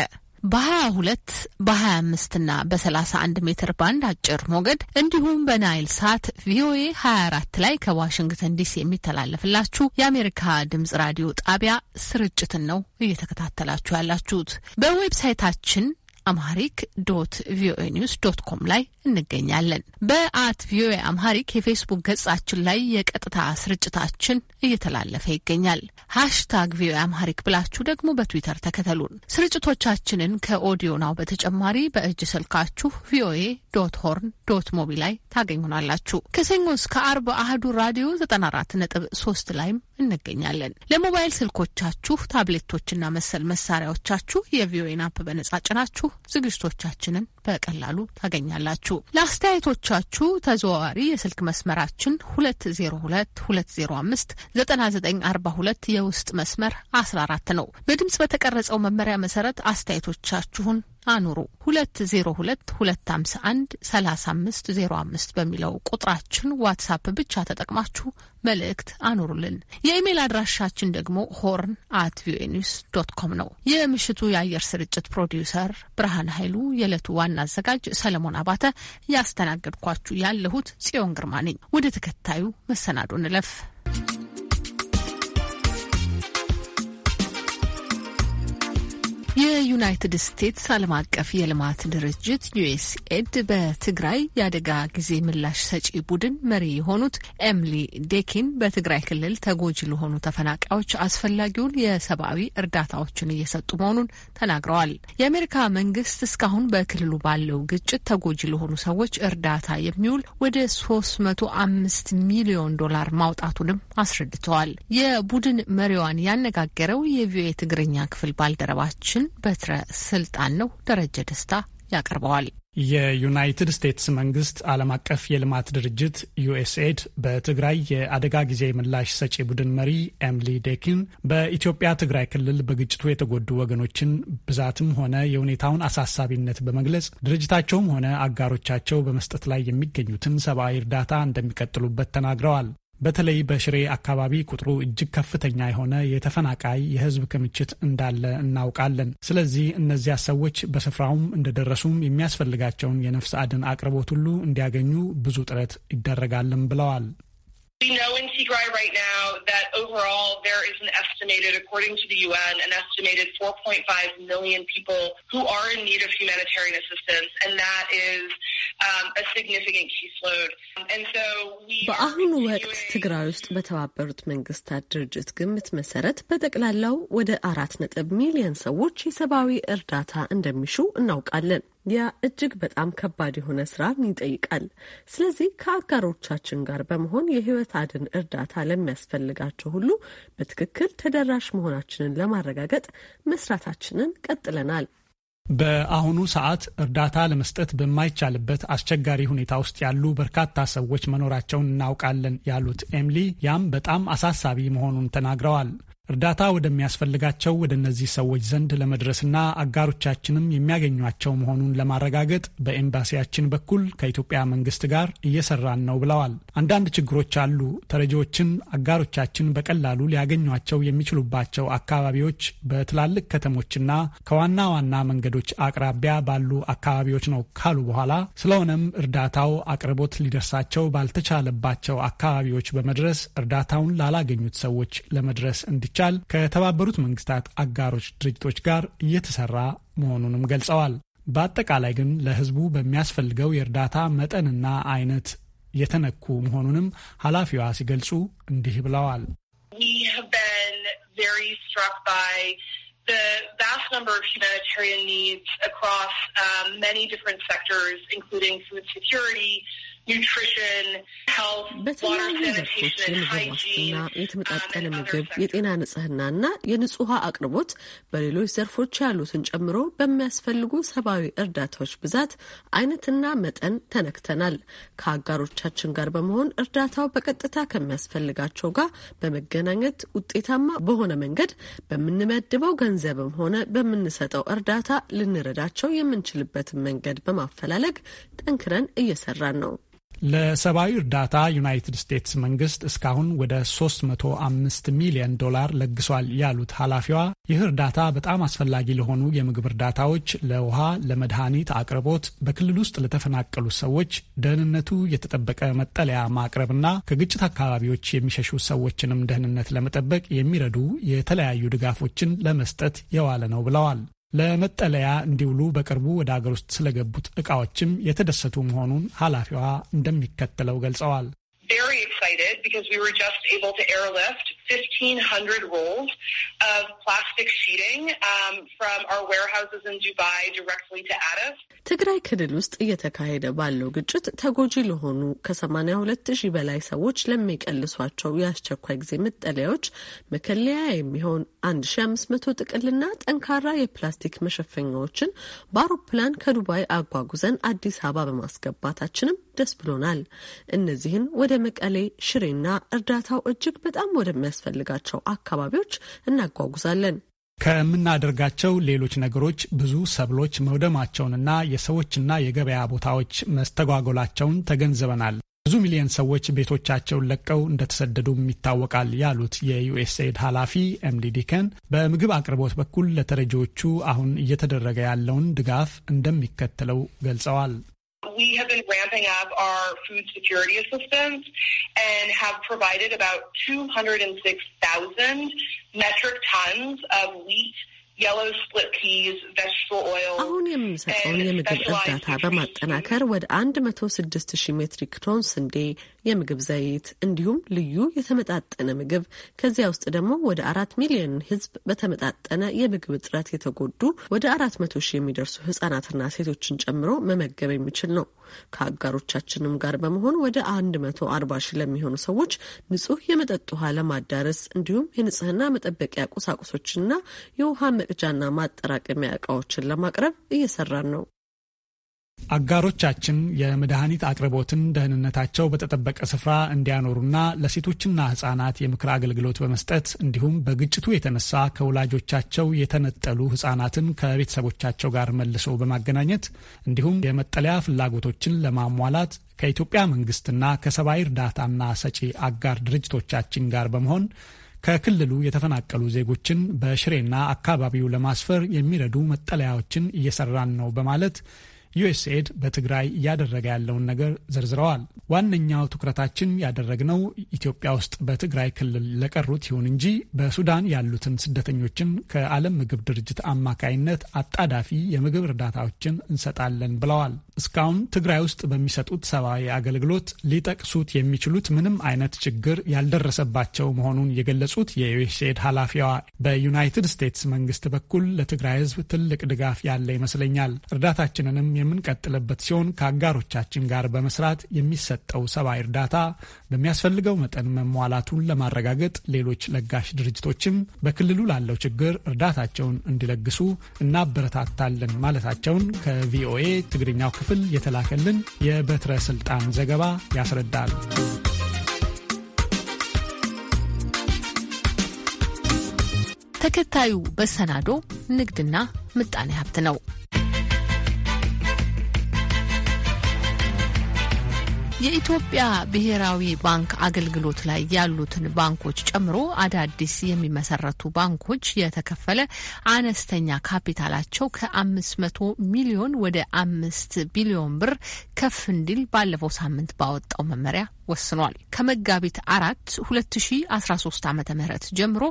በ22 በ25 እና በ31 ሜትር ባንድ አጭር ሞገድ እንዲሁም በናይል ሳት ቪኦኤ 24 ላይ ከዋሽንግተን ዲሲ የሚተላለፍላችሁ የአሜሪካ ድምጽ ራዲዮ ጣቢያ ስርጭትን ነው እየተከታተላችሁ ያላችሁት። በዌብሳይታችን አምሃሪክ ዶት ቪኦኤ ኒውስ ዶት ኮም ላይ እንገኛለን። በአት ቪኦኤ አምሃሪክ የፌስቡክ ገጻችን ላይ የቀጥታ ስርጭታችን እየተላለፈ ይገኛል። ሃሽታግ ቪኦኤ አምሃሪክ ብላችሁ ደግሞ በትዊተር ተከተሉን። ስርጭቶቻችንን ከኦዲዮ ናው በተጨማሪ በእጅ ስልካችሁ ቪኦኤ ዶት ሆርን ዶት ሞቢ ላይ ታገኙናላችሁ። ከሰኞ እስከ አርብ አህዱ ራዲዮ 94.3 ላይም እንገኛለን። ለሞባይል ስልኮቻችሁ ታብሌቶችና መሰል መሳሪያዎቻችሁ የቪኦኤን አፕ በነጻ ጭናችሁ ዝግጅቶቻችንን በቀላሉ ታገኛላችሁ። ለአስተያየቶቻችሁ ተዘዋዋሪ የስልክ መስመራችን 2022059942 የውስጥ መስመር 14 ነው። በድምጽ በተቀረጸው መመሪያ መሰረት አስተያየቶቻችሁን አኑሩ 202 በሚለው ቁጥራችን ዋትሳፕ ብቻ ተጠቅማችሁ መልእክት አኑሩልን። የኢሜል አድራሻችን ደግሞ ሆርን አት ቪኦኤ ኒውስ ዶት ኮም ነው። የምሽቱ የአየር ስርጭት ፕሮዲውሰር ብርሃን ኃይሉ፣ የዕለቱ ዋና አዘጋጅ ሰለሞን አባተ፣ ያስተናገድኳችሁ ያለሁት ጽዮን ግርማ ነኝ። ወደ ተከታዩ መሰናዶ እንለፍ። የዩናይትድ ስቴትስ ዓለም አቀፍ የልማት ድርጅት ዩኤስኤድ በትግራይ የአደጋ ጊዜ ምላሽ ሰጪ ቡድን መሪ የሆኑት ኤምሊ ዴኪን በትግራይ ክልል ተጎጂ ለሆኑ ተፈናቃዮች አስፈላጊውን የሰብአዊ እርዳታዎችን እየሰጡ መሆኑን ተናግረዋል። የአሜሪካ መንግስት እስካሁን በክልሉ ባለው ግጭት ተጎጂ ለሆኑ ሰዎች እርዳታ የሚውል ወደ ሶስት መቶ አምስት ሚሊዮን ዶላር ማውጣቱንም አስረድተዋል። የቡድን መሪዋን ያነጋገረው የቪኦኤ ትግርኛ ክፍል ባልደረባችን ፌዴሬሽን በትረ ስልጣን ነው። ደረጀ ደስታ ያቀርበዋል። የዩናይትድ ስቴትስ መንግስት ዓለም አቀፍ የልማት ድርጅት ዩኤስኤድ በትግራይ የአደጋ ጊዜ ምላሽ ሰጪ ቡድን መሪ ኤምሊ ዴኪን በኢትዮጵያ ትግራይ ክልል በግጭቱ የተጎዱ ወገኖችን ብዛትም ሆነ የሁኔታውን አሳሳቢነት በመግለጽ ድርጅታቸውም ሆነ አጋሮቻቸው በመስጠት ላይ የሚገኙትን ሰብአዊ እርዳታ እንደሚቀጥሉበት ተናግረዋል። በተለይ በሽሬ አካባቢ ቁጥሩ እጅግ ከፍተኛ የሆነ የተፈናቃይ የህዝብ ክምችት እንዳለ እናውቃለን። ስለዚህ እነዚያ ሰዎች በስፍራውም እንደደረሱም የሚያስፈልጋቸውን የነፍስ አድን አቅርቦት ሁሉ እንዲያገኙ ብዙ ጥረት ይደረጋልም ብለዋል። We know in Tigray right now that overall there is an estimated, according to the UN, an estimated 4.5 million people who are in need of humanitarian assistance, and that is um, a significant caseload. And so we. በአሁኑ ወቅት ትግራይ ውስጥ በተባበሩት መንግስታት ድርጅት ግምት መሰረት በጠቅላላው ወደ አራት ነጥብ ሚሊዮን ሰዎች የሰብአዊ እርዳታ እንደሚሹ እናውቃለን። ያ እጅግ በጣም ከባድ የሆነ ስራን ይጠይቃል። ስለዚህ ከአጋሮቻችን ጋር በመሆን የህይወት አድን እርዳታ ለሚያስፈልጋቸው ሁሉ በትክክል ተደራሽ መሆናችንን ለማረጋገጥ መስራታችንን ቀጥለናል። በአሁኑ ሰዓት እርዳታ ለመስጠት በማይቻልበት አስቸጋሪ ሁኔታ ውስጥ ያሉ በርካታ ሰዎች መኖራቸውን እናውቃለን ያሉት ኤምሊ ያም በጣም አሳሳቢ መሆኑን ተናግረዋል። እርዳታ ወደሚያስፈልጋቸው ወደ እነዚህ ሰዎች ዘንድ ለመድረስና አጋሮቻችንም የሚያገኟቸው መሆኑን ለማረጋገጥ በኤምባሲያችን በኩል ከኢትዮጵያ መንግስት ጋር እየሰራን ነው ብለዋል። አንዳንድ ችግሮች አሉ። ተረጂዎችን አጋሮቻችን በቀላሉ ሊያገኟቸው የሚችሉባቸው አካባቢዎች በትላልቅ ከተሞችና ከዋና ዋና መንገዶች አቅራቢያ ባሉ አካባቢዎች ነው ካሉ በኋላ ስለሆነም እርዳታው አቅርቦት ሊደርሳቸው ባልተቻለባቸው አካባቢዎች በመድረስ እርዳታውን ላላገኙት ሰዎች ለመድረስ እንዲ እንዲቻል ከተባበሩት መንግስታት አጋሮች ድርጅቶች ጋር እየተሰራ መሆኑንም ገልጸዋል። በአጠቃላይ ግን ለህዝቡ በሚያስፈልገው የእርዳታ መጠንና አይነት የተነኩ መሆኑንም ኃላፊዋ ሲገልጹ እንዲህ ብለዋል። በተለያዩ ዘርፎች የምግብ ዋስትና፣ um, የተመጣጠነ ምግብ፣ የጤና ንጽህናና የንጹህ ውሃ አቅርቦት በሌሎች ዘርፎች ያሉትን ጨምሮ በሚያስፈልጉ ሰብአዊ እርዳታዎች ብዛት አይነትና መጠን ተነክተናል። ከአጋሮቻችን ጋር በመሆን እርዳታው በቀጥታ ከሚያስፈልጋቸው ጋር በመገናኘት ውጤታማ በሆነ መንገድ በምንመድበው ገንዘብም ሆነ በምንሰጠው እርዳታ ልንረዳቸው የምንችልበትን መንገድ በማፈላለግ ጠንክረን እየሰራን ነው። ለሰብአዊ እርዳታ ዩናይትድ ስቴትስ መንግስት እስካሁን ወደ 305 ሚሊዮን ዶላር ለግሷል ያሉት ኃላፊዋ ይህ እርዳታ በጣም አስፈላጊ ለሆኑ የምግብ እርዳታዎች፣ ለውሃ፣ ለመድኃኒት አቅርቦት፣ በክልል ውስጥ ለተፈናቀሉ ሰዎች ደህንነቱ የተጠበቀ መጠለያ ማቅረብና ከግጭት አካባቢዎች የሚሸሹ ሰዎችንም ደህንነት ለመጠበቅ የሚረዱ የተለያዩ ድጋፎችን ለመስጠት የዋለ ነው ብለዋል። ለመጠለያ እንዲውሉ በቅርቡ ወደ አገር ውስጥ ስለገቡት እቃዎችም የተደሰቱ መሆኑን ኃላፊዋ እንደሚከተለው ገልጸዋል። 1,500 rolls of plastic sheeting um, from our warehouses in Dubai directly to Addis. ትግራይ ክልል ውስጥ እየተካሄደ ባለው ግጭት ተጎጂ ለሆኑ ከ82 ሺህ በላይ ሰዎች ለሚቀልሷቸው የአስቸኳይ ጊዜ መጠለያዎች መከለያ የሚሆን 1500 ጥቅልና ጠንካራ የፕላስቲክ መሸፈኛዎችን በአውሮፕላን ከዱባይ አጓጉዘን አዲስ አበባ በማስገባታችንም ደስ ብሎናል። እነዚህን ወደ መቀሌ ሽሬና እርዳታው እጅግ በጣም ወደሚያ ወደሚያስፈልጋቸው አካባቢዎች እናጓጉዛለን። ከምናደርጋቸው ሌሎች ነገሮች ብዙ ሰብሎች መውደማቸውንና የሰዎችና የገበያ ቦታዎች መስተጓጎላቸውን ተገንዝበናል። ብዙ ሚሊዮን ሰዎች ቤቶቻቸውን ለቀው እንደተሰደዱም ይታወቃል ያሉት የዩኤስኤድ ኃላፊ ኤምዲ ዲከን በምግብ አቅርቦት በኩል ለተረጂዎቹ አሁን እየተደረገ ያለውን ድጋፍ እንደሚከተለው ገልጸዋል። We have been ramping up our food security assistance and have provided about 206,000 metric tons of wheat yellow split peas, vegetable oil, አሁን የምንሰጠውን የምግብ እርዳታ በማጠናከር ወደ 160 ሜትሪክ ቶን ስንዴ የምግብ ዘይት እንዲሁም ልዩ የተመጣጠነ ምግብ ከዚያ ውስጥ ደግሞ ወደ አራት ሚሊዮን ህዝብ በተመጣጠነ የምግብ እጥረት የተጎዱ ወደ አራት መቶ ሺህ የሚደርሱ ህጻናትና ሴቶችን ጨምሮ መመገብ የሚችል ነው። ከአጋሮቻችንም ጋር በመሆን ወደ አንድ መቶ አርባ ሺህ ለሚሆኑ ሰዎች ንጹህ የመጠጥ ውሃ ለማዳረስ እንዲሁም የንጽህና መጠበቂያ ቁሳቁሶችንና የውሃ መቅጃና ማጠራቀሚያ እቃዎችን ለማቅረብ እየሰራን ነው። አጋሮቻችን የመድኃኒት አቅርቦትን ደህንነታቸው በተጠበቀ ስፍራ እንዲያኖሩና ለሴቶችና ህጻናት የምክር አገልግሎት በመስጠት እንዲሁም በግጭቱ የተነሳ ከወላጆቻቸው የተነጠሉ ህጻናትን ከቤተሰቦቻቸው ጋር መልሶ በማገናኘት እንዲሁም የመጠለያ ፍላጎቶችን ለማሟላት ከኢትዮጵያ መንግስትና ከሰብአዊ እርዳታና ሰጪ አጋር ድርጅቶቻችን ጋር በመሆን ከክልሉ የተፈናቀሉ ዜጎችን በሽሬና አካባቢው ለማስፈር የሚረዱ መጠለያዎችን እየሰራን ነው በማለት ዩኤስኤድ በትግራይ እያደረገ ያለውን ነገር ዘርዝረዋል። ዋነኛው ትኩረታችን ያደረግነው ኢትዮጵያ ውስጥ በትግራይ ክልል ለቀሩት ይሁን እንጂ በሱዳን ያሉትን ስደተኞችን ከዓለም ምግብ ድርጅት አማካይነት አጣዳፊ የምግብ እርዳታዎችን እንሰጣለን ብለዋል። እስካሁን ትግራይ ውስጥ በሚሰጡት ሰብአዊ አገልግሎት ሊጠቅሱት የሚችሉት ምንም አይነት ችግር ያልደረሰባቸው መሆኑን የገለጹት የዩኤስኤድ ኃላፊዋ በዩናይትድ ስቴትስ መንግስት በኩል ለትግራይ ሕዝብ ትልቅ ድጋፍ ያለ ይመስለኛል። እርዳታችንንም የምንቀጥልበት ሲሆን ከአጋሮቻችን ጋር በመስራት የሚሰጠው ሰብአዊ እርዳታ በሚያስፈልገው መጠን መሟላቱን ለማረጋገጥ ሌሎች ለጋሽ ድርጅቶችም በክልሉ ላለው ችግር እርዳታቸውን እንዲለግሱ እናበረታታለን ማለታቸውን ከቪኦኤ ትግርኛው ክፍል የተላከልን የበትረ ስልጣን ዘገባ ያስረዳል። ተከታዩ በሰናዶ ንግድና ምጣኔ ሀብት ነው። የኢትዮጵያ ብሔራዊ ባንክ አገልግሎት ላይ ያሉትን ባንኮች ጨምሮ አዳዲስ የሚመሰረቱ ባንኮች የተከፈለ አነስተኛ ካፒታላቸው ከ500 ሚሊዮን ወደ አምስት ቢሊዮን ብር ከፍ እንዲል ባለፈው ሳምንት ባወጣው መመሪያ ወስኗል። ከመጋቢት አራት 2013 ዓ ም ጀምሮ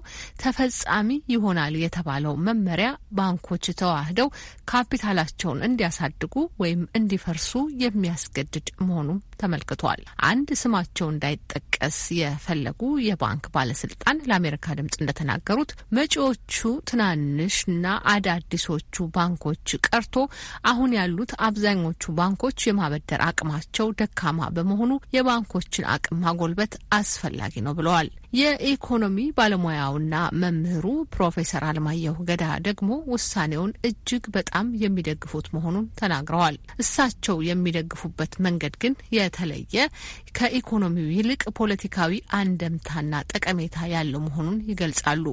ተፈጻሚ ይሆናል የተባለው መመሪያ ባንኮች ተዋህደው ካፒታላቸውን እንዲያሳድጉ ወይም እንዲፈርሱ የሚያስገድድ መሆኑም ተመልክቷል። አመልክቷል። አንድ ስማቸው እንዳይጠቀስ የፈለጉ የባንክ ባለስልጣን ለአሜሪካ ድምጽ እንደተናገሩት መጪዎቹ ትናንሽና አዳዲሶቹ ባንኮች ቀርቶ አሁን ያሉት አብዛኞቹ ባንኮች የማበደር አቅማቸው ደካማ በመሆኑ የባንኮችን አቅም ማጎልበት አስፈላጊ ነው ብለዋል። የኢኮኖሚ ባለሙያውና መምህሩ ፕሮፌሰር አለማየሁ ገዳ ደግሞ ውሳኔውን እጅግ በጣም የሚደግፉት መሆኑን ተናግረዋል። እሳቸው የሚደግፉበት መንገድ ግን የተለየ ከኢኮኖሚው ይልቅ ፖለቲካዊ አንደምታና ጠቀሜታ ያለው መሆኑን ይገልጻሉ።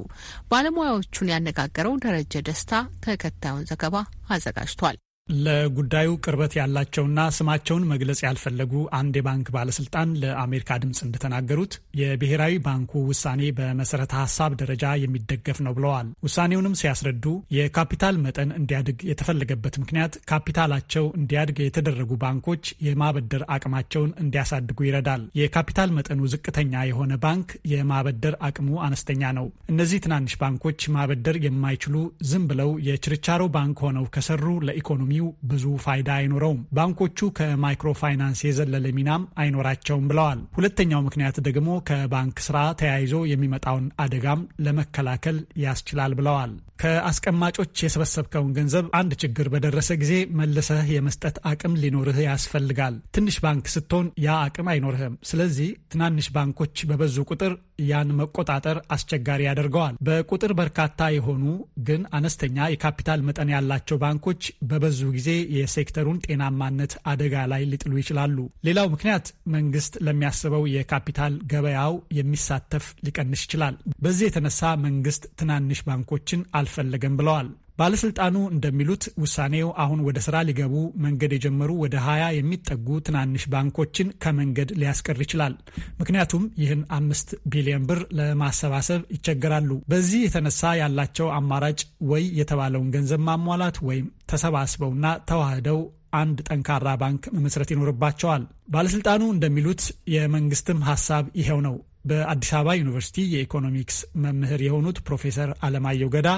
ባለሙያዎቹን ያነጋገረው ደረጀ ደስታ ተከታዩን ዘገባ አዘጋጅቷል። ለጉዳዩ ቅርበት ያላቸውና ስማቸውን መግለጽ ያልፈለጉ አንድ የባንክ ባለስልጣን ለአሜሪካ ድምፅ እንደተናገሩት የብሔራዊ ባንኩ ውሳኔ በመሰረተ ሀሳብ ደረጃ የሚደገፍ ነው ብለዋል። ውሳኔውንም ሲያስረዱ የካፒታል መጠን እንዲያድግ የተፈለገበት ምክንያት ካፒታላቸው እንዲያድግ የተደረጉ ባንኮች የማበደር አቅማቸውን እንዲያሳድጉ ይረዳል። የካፒታል መጠኑ ዝቅተኛ የሆነ ባንክ የማበደር አቅሙ አነስተኛ ነው። እነዚህ ትናንሽ ባንኮች ማበደር የማይችሉ ዝም ብለው የችርቻሮ ባንክ ሆነው ከሰሩ ለኢኮኖሚ ለተጠቃሚው ብዙ ፋይዳ አይኖረውም። ባንኮቹ ከማይክሮፋይናንስ የዘለለ ሚናም አይኖራቸውም ብለዋል። ሁለተኛው ምክንያት ደግሞ ከባንክ ስራ ተያይዞ የሚመጣውን አደጋም ለመከላከል ያስችላል ብለዋል። ከአስቀማጮች የሰበሰብከውን ገንዘብ አንድ ችግር በደረሰ ጊዜ መልሰህ የመስጠት አቅም ሊኖርህ ያስፈልጋል። ትንሽ ባንክ ስትሆን ያ አቅም አይኖርህም። ስለዚህ ትናንሽ ባንኮች በበዙ ቁጥር ያን መቆጣጠር አስቸጋሪ ያደርገዋል። በቁጥር በርካታ የሆኑ ግን አነስተኛ የካፒታል መጠን ያላቸው ባንኮች በበዙ ጊዜ የሴክተሩን ጤናማነት አደጋ ላይ ሊጥሉ ይችላሉ። ሌላው ምክንያት መንግስት ለሚያስበው የካፒታል ገበያው የሚሳተፍ ሊቀንስ ይችላል። በዚህ የተነሳ መንግስት ትናንሽ ባንኮችን አልፈለገም ብለዋል። ባለስልጣኑ እንደሚሉት ውሳኔው አሁን ወደ ስራ ሊገቡ መንገድ የጀመሩ ወደ ሀያ የሚጠጉ ትናንሽ ባንኮችን ከመንገድ ሊያስቀር ይችላል። ምክንያቱም ይህን አምስት ቢሊዮን ብር ለማሰባሰብ ይቸገራሉ። በዚህ የተነሳ ያላቸው አማራጭ ወይ የተባለውን ገንዘብ ማሟላት ወይም ተሰባስበውና ተዋህደው አንድ ጠንካራ ባንክ መመስረት ይኖርባቸዋል። ባለስልጣኑ እንደሚሉት የመንግስትም ሀሳብ ይሄው ነው። በአዲስ አበባ ዩኒቨርሲቲ የኢኮኖሚክስ መምህር የሆኑት ፕሮፌሰር አለማየሁ ገዳ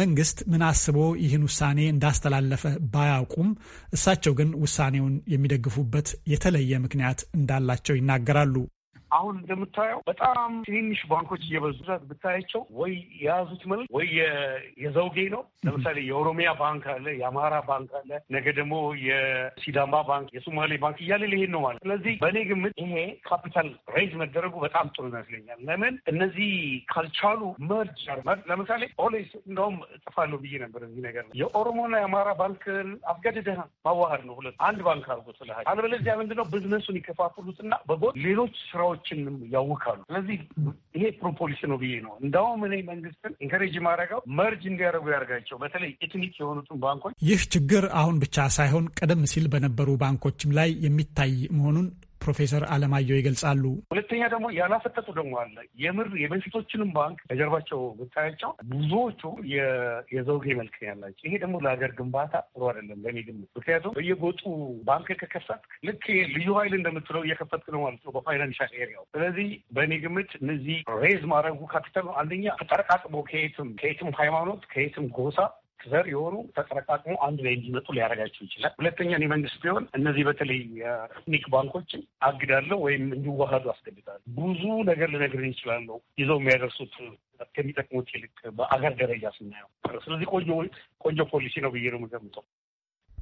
መንግስት ምን አስቦ ይህን ውሳኔ እንዳስተላለፈ ባያውቁም እሳቸው ግን ውሳኔውን የሚደግፉበት የተለየ ምክንያት እንዳላቸው ይናገራሉ። አሁን እንደምታየው በጣም ትንንሽ ባንኮች እየበዙ ብዛት ብታያቸው ወይ የያዙት መልክ ወይ የዘውጌ ነው። ለምሳሌ የኦሮሚያ ባንክ አለ፣ የአማራ ባንክ አለ፣ ነገ ደግሞ የሲዳማ ባንክ፣ የሶማሌ ባንክ እያለ ሊሄድ ነው ማለት። ስለዚህ በእኔ ግምት ይሄ ካፒታል ሬይዝ መደረጉ በጣም ጥሩ ይመስለኛል። ለምን እነዚህ ካልቻሉ መርጅ ለምሳሌ ኦሌስ እንደውም እጥፋለሁ ብዬ ነበር እዚህ ነገር ነው የኦሮሞና የአማራ ባንክን አስገድደናል ማዋሃድ ነው ሁለት አንድ ባንክ አድርጎ ስለሀ አለበለዚያ ምንድነው ብዝነሱን ይከፋፍሉትና በጎ ሌሎች ስራዎች ሰዎችንም ያውካሉ። ስለዚህ ይሄ ፕሮፖሊስ ነው ብዬ ነው እንዳውም እኔ መንግስትን ኢንከሬጅ ማድረገው መርጅ እንዲያደርጉ ያደርጋቸው በተለይ ኤትኒክ የሆኑትን ባንኮች። ይህ ችግር አሁን ብቻ ሳይሆን ቀደም ሲል በነበሩ ባንኮችም ላይ የሚታይ መሆኑን ፕሮፌሰር አለማየሁ ይገልጻሉ። ሁለተኛ ደግሞ ያላፈጠጡ ደግሞ አለ። የምር የበፊቶችንም ባንክ ከጀርባቸው ብታያቸው ብዙዎቹ የዘውጌ መልክ ያላቸው። ይሄ ደግሞ ለሀገር ግንባታ ጥሩ አይደለም ለእኔ ግምት። ምክንያቱም በየጎጡ ባንክ ከከፈትክ ልክ ልዩ ኃይል እንደምትለው እየከፈትክ ነው ማለት ነው በፋይናንሻል ኤሪያው። ስለዚህ በእኔ ግምት እነዚህ ሬዝ ማድረጉ ካፒታል አንደኛ ተጠረቃቅሞ ከየትም ከየትም ሃይማኖት ከየትም ጎሳ ዘር የሆኑ ተጠረቃቅሞ አንድ ላይ እንዲመጡ ሊያደርጋቸው ይችላል። ሁለተኛ እኔ መንግስት ቢሆን እነዚህ በተለይ የኒክ ባንኮችን አግዳለሁ ወይም እንዲዋሃዱ አስገድዳለሁ። ብዙ ነገር ልነግርህ እችላለሁ ይዘው የሚያደርሱት ከሚጠቅሙት ይልቅ በአገር ደረጃ ስናየው። ስለዚህ ቆንጆ ቆንጆ ፖሊሲ ነው ብዬ ነው የምገምተው።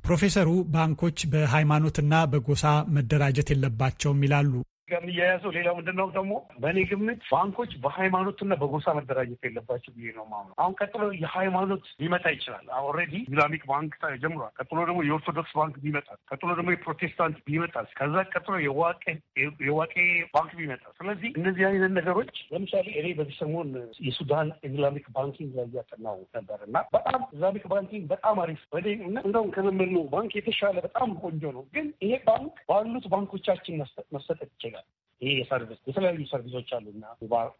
ፕሮፌሰሩ ባንኮች በሃይማኖትና በጎሳ መደራጀት የለባቸውም ይላሉ። ጋር የሚያያዘው ሌላ ምንድን ነው ደግሞ በእኔ ግምት ባንኮች በሃይማኖትና በጎሳ መደራጀት የለባቸው ብዬ ነው ማምነው። አሁን ቀጥሎ የሃይማኖት ሊመጣ ይችላል። ኦልሬዲ ኢስላሚክ ባንክ ጀምሯል። ቀጥሎ ደግሞ የኦርቶዶክስ ባንክ ቢመጣል፣ ቀጥሎ ደግሞ የፕሮቴስታንት ቢመጣል፣ ከዛ ቀጥሎ የዋቄ ባንክ ቢመጣል። ስለዚህ እነዚህ አይነት ነገሮች ለምሳሌ እኔ በዚህ ሰሞን የሱዳን ኢስላሚክ ባንኪንግ ላይ እያጠናው ነበር እና በጣም ኢስላሚክ ባንኪንግ በጣም አሪፍ እንደውም ከዘመኑ ባንክ የተሻለ በጣም ቆንጆ ነው። ግን ይሄ ባንክ ባሉት ባንኮቻችን መሰጠት ይችላል። ይሄ የሰርቪስ የተለያዩ ሰርቪሶች አሉና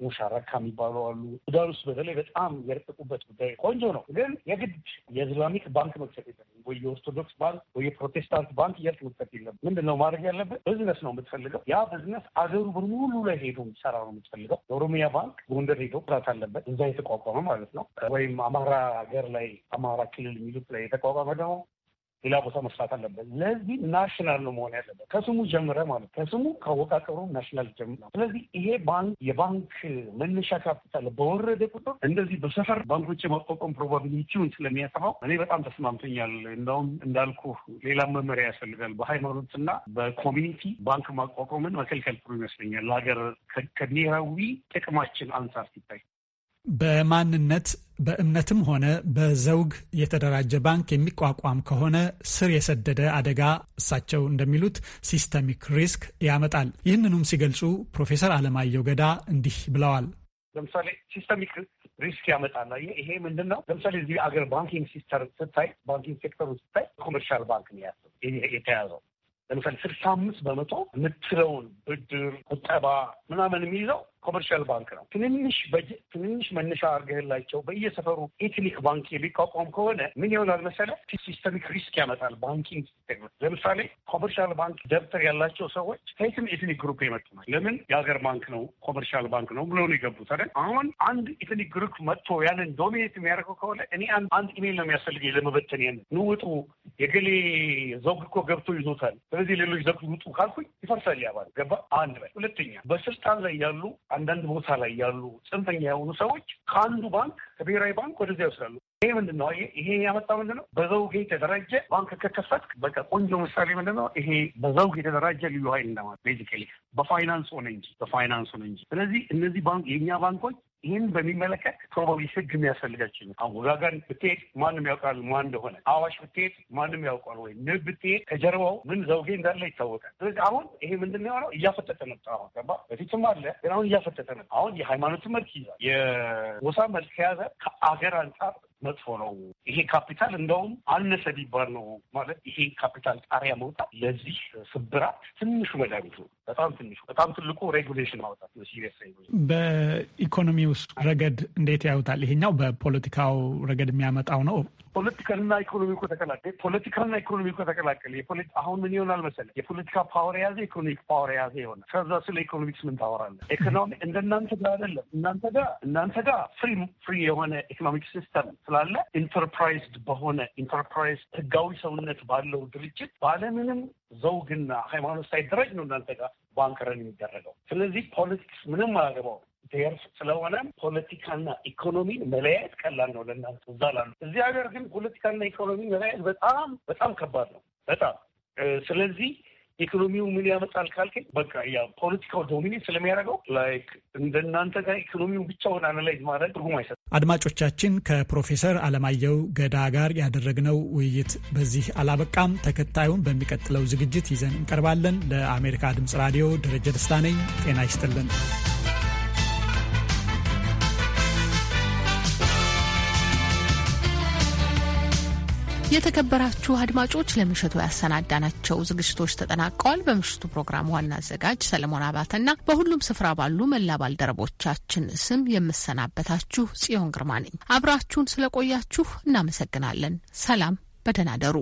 ውሻ ረካ የሚባሉ አሉ። ሱዳን ውስጥ በተለይ በጣም የረጠቁበት ጉዳይ ቆንጆ ነው፣ ግን የግድ የእስላሚክ ባንክ መክፈት የለብህም ወይ የኦርቶዶክስ ባንክ ወይ የፕሮቴስታንት ባንክ እያልክ መክፈት የለብህም። ምንድን ነው ማድረግ ያለብህ? ቢዝነስ ነው የምትፈልገው። ያ ቢዝነስ አገሩ በሙሉ ላይ ሄዶ የሚሰራ ነው የምትፈልገው። የኦሮሚያ ባንክ ጎንደር ሄዶ ስራት አለበት፣ እዛ የተቋቋመ ማለት ነው። ወይም አማራ ሀገር ላይ አማራ ክልል የሚሉት ላይ የተቋቋመ ደግሞ ሌላ ቦታ መስራት አለበት። ለዚህ ናሽናል ነው መሆን ያለበት ከስሙ ጀምረ ማለት ከስሙ ከአወቃቀሩ ናሽናል ጀምረ። ስለዚህ ይሄ ባንክ የባንክ መነሻ ካፒታል በወረደ ቁጥር እንደዚህ በሰፈር ባንኮች የማቋቋም ፕሮባቢሊቲውን ስለሚያሰፋው እኔ በጣም ተስማምተኛል። እንደውም እንዳልኩ ሌላ መመሪያ ያስፈልጋል። በሃይማኖትና በኮሚኒቲ ባንክ ማቋቋምን መከልከል ጥሩ ይመስለኛል። ለሀገር ከብሔራዊ ጥቅማችን አንጻር ሲታይ በማንነት በእምነትም ሆነ በዘውግ የተደራጀ ባንክ የሚቋቋም ከሆነ ስር የሰደደ አደጋ እሳቸው እንደሚሉት ሲስተሚክ ሪስክ ያመጣል። ይህንኑም ሲገልጹ ፕሮፌሰር አለማየሁ ገዳ እንዲህ ብለዋል። ለምሳሌ ሲስተሚክ ሪስክ ያመጣል። ይሄ ምንድን ነው? ለምሳሌ እዚህ አገር ባንኪንግ ሲስተር ስታይ፣ ባንኪንግ ሴክተሩ ስታይ ኮመርሻል ባንክ ነው የተያዘው ለምሳሌ ስልሳ አምስት በመቶ የምትለውን ብድር፣ ቁጠባ ምናምን የሚይዘው ኮመርሻል ባንክ ነው። ትንንሽ ትንንሽ መነሻ አድርገህላቸው በየሰፈሩ ኤትኒክ ባንክ የሚቋቋም ከሆነ ምን ይሆናል መሰለህ? ሲስተሚክ ሪስክ ያመጣል። ባንኪንግ ለምሳሌ ኮመርሻል ባንክ ደብተር ያላቸው ሰዎች ከየትም ኤትኒክ ግሩፕ የመጡ ነው። ለምን የሀገር ባንክ ነው ኮመርሻል ባንክ ነው ብሎ ነው የገቡት አይደል? አሁን አንድ ኤትኒክ ግሩፕ መጥቶ ያንን ዶሚኔት የሚያደርገው ከሆነ እኔ አንድ ኢሜል ነው የሚያስፈልገኝ ለመበተን ያን ንውጡ የገሌ ዘውግ እኮ ገብቶ ይዞታል፣ ስለዚህ ሌሎች ዘውግ ውጡ ካልኩኝ ይፈርሳል። ያባል ገባ አንድ በል ሁለተኛ በስልጣን ላይ ያሉ አንዳንድ ቦታ ላይ ያሉ ጽንፈኛ የሆኑ ሰዎች ከአንዱ ባንክ ከብሔራዊ ባንክ ወደዚያ ይወስዳሉ። ይሄ ምንድን ነው? ይሄ ያመጣ ምንድን ነው? በዘውጌ የተደራጀ ባንክ ከከፈትክ በቃ ቆንጆ ምሳሌ ምንድን ነው? ይሄ በዘውጌ የተደራጀ ልዩ ኃይል እንደማለት ቤዚካሊ በፋይናንስ ሆነ እንጂ በፋይናንስ ሆነ እንጂ። ስለዚህ እነዚህ ባንክ የእኛ ባንኮች ይህን በሚመለከት ፕሮባብሊ ህግ የሚያስፈልጋቸው አወጋጋሪ ብትሄድ ማንም ያውቃል ማን እንደሆነ፣ አዋሽ ብትሄድ ማንም ያውቃል ወይ ንብ ብትሄድ ከጀርባው ምን ዘውጌ እንዳለ ይታወቃል። ስለዚህ አሁን ይሄ ምንድን የሆነው እያፈጠጠ መጣ። አሁን ገባ በፊትም አለ ግን አሁን እያፈጠጠ መጣ። አሁን የሃይማኖት መልክ ይዛል፣ የጎሳ መልክ ከያዘ ከአገር አንጻር መጥፎ ነው። ይሄ ካፒታል እንደውም አነሰ ቢባል ነው ማለት ይሄ ካፒታል ጣሪያ መውጣት ለዚህ ስብራት ትንሹ መድኃኒት ነው። በጣም ትንሹ፣ በጣም ትልቁ ሬጉሌሽን ማውጣት ነው። ሲሪየስ በኢኮኖሚ ውስጥ ረገድ እንዴት ያዩታል? ይሄኛው በፖለቲካው ረገድ የሚያመጣው ነው። ፖለቲካልና ኢኮኖሚ እኮ ተቀላቀለ። ፖለቲካልና ኢኮኖሚ እኮ ተቀላቀለ። አሁን ምን ይሆናል መሰለህ? የፖለቲካ ፓወር የያዘ ኢኮኖሚክ ፓወር የያዘ የሆነ ከዛ ስለ ኢኮኖሚክስ ምን ታወራለህ? ኢኮኖሚ እናንተ ጋር አይደለም። እናንተ ጋር እናንተ ጋር ፍሪ ፍሪ የሆነ ኢኮኖሚክ ሲስተም ስላለ ኢንተርፕራይዝድ በሆነ ኢንተርፕራይዝ ህጋዊ ሰውነት ባለው ድርጅት ባለምንም ዘውግና ሃይማኖት ሳይደረጅ ነው እናንተ ጋር ባንክረን የሚደረገው። ስለዚህ ፖለቲክስ ምንም አያገባው ርስ ስለሆነም ፖለቲካና ኢኮኖሚን መለያየት ቀላል ነው ለእናንተ እዛ ላሉ። እዚህ ሀገር ግን ፖለቲካና ኢኮኖሚ መለያየት በጣም በጣም ከባድ ነው በጣም ስለዚህ ኢኮኖሚው ምን ያመጣል ካልከኝ በቃ ያ ፖለቲካው ዶሚኔት ስለሚያደርገው ላይክ እንደናንተ ጋር ኢኮኖሚው ብቻውን አናላይዝ ማድረግ ትርጉም አይሰጥም። አድማጮቻችን ከፕሮፌሰር አለማየሁ ገዳ ጋር ያደረግነው ውይይት በዚህ አላበቃም። ተከታዩን በሚቀጥለው ዝግጅት ይዘን እንቀርባለን። ለአሜሪካ ድምጽ ራዲዮ ደረጀ ደስታ ነኝ። ጤና ይስጥልን። የተከበራችሁ አድማጮች ለምሽቱ ያሰናዳናቸው ዝግጅቶች ተጠናቀዋል። በምሽቱ ፕሮግራም ዋና አዘጋጅ ሰለሞን አባተና በሁሉም ስፍራ ባሉ መላ ባልደረቦቻችን ስም የምሰናበታችሁ ጽዮን ግርማ ነኝ። አብራችሁን ስለቆያችሁ እናመሰግናለን። ሰላም፣ በደህና ደሩ።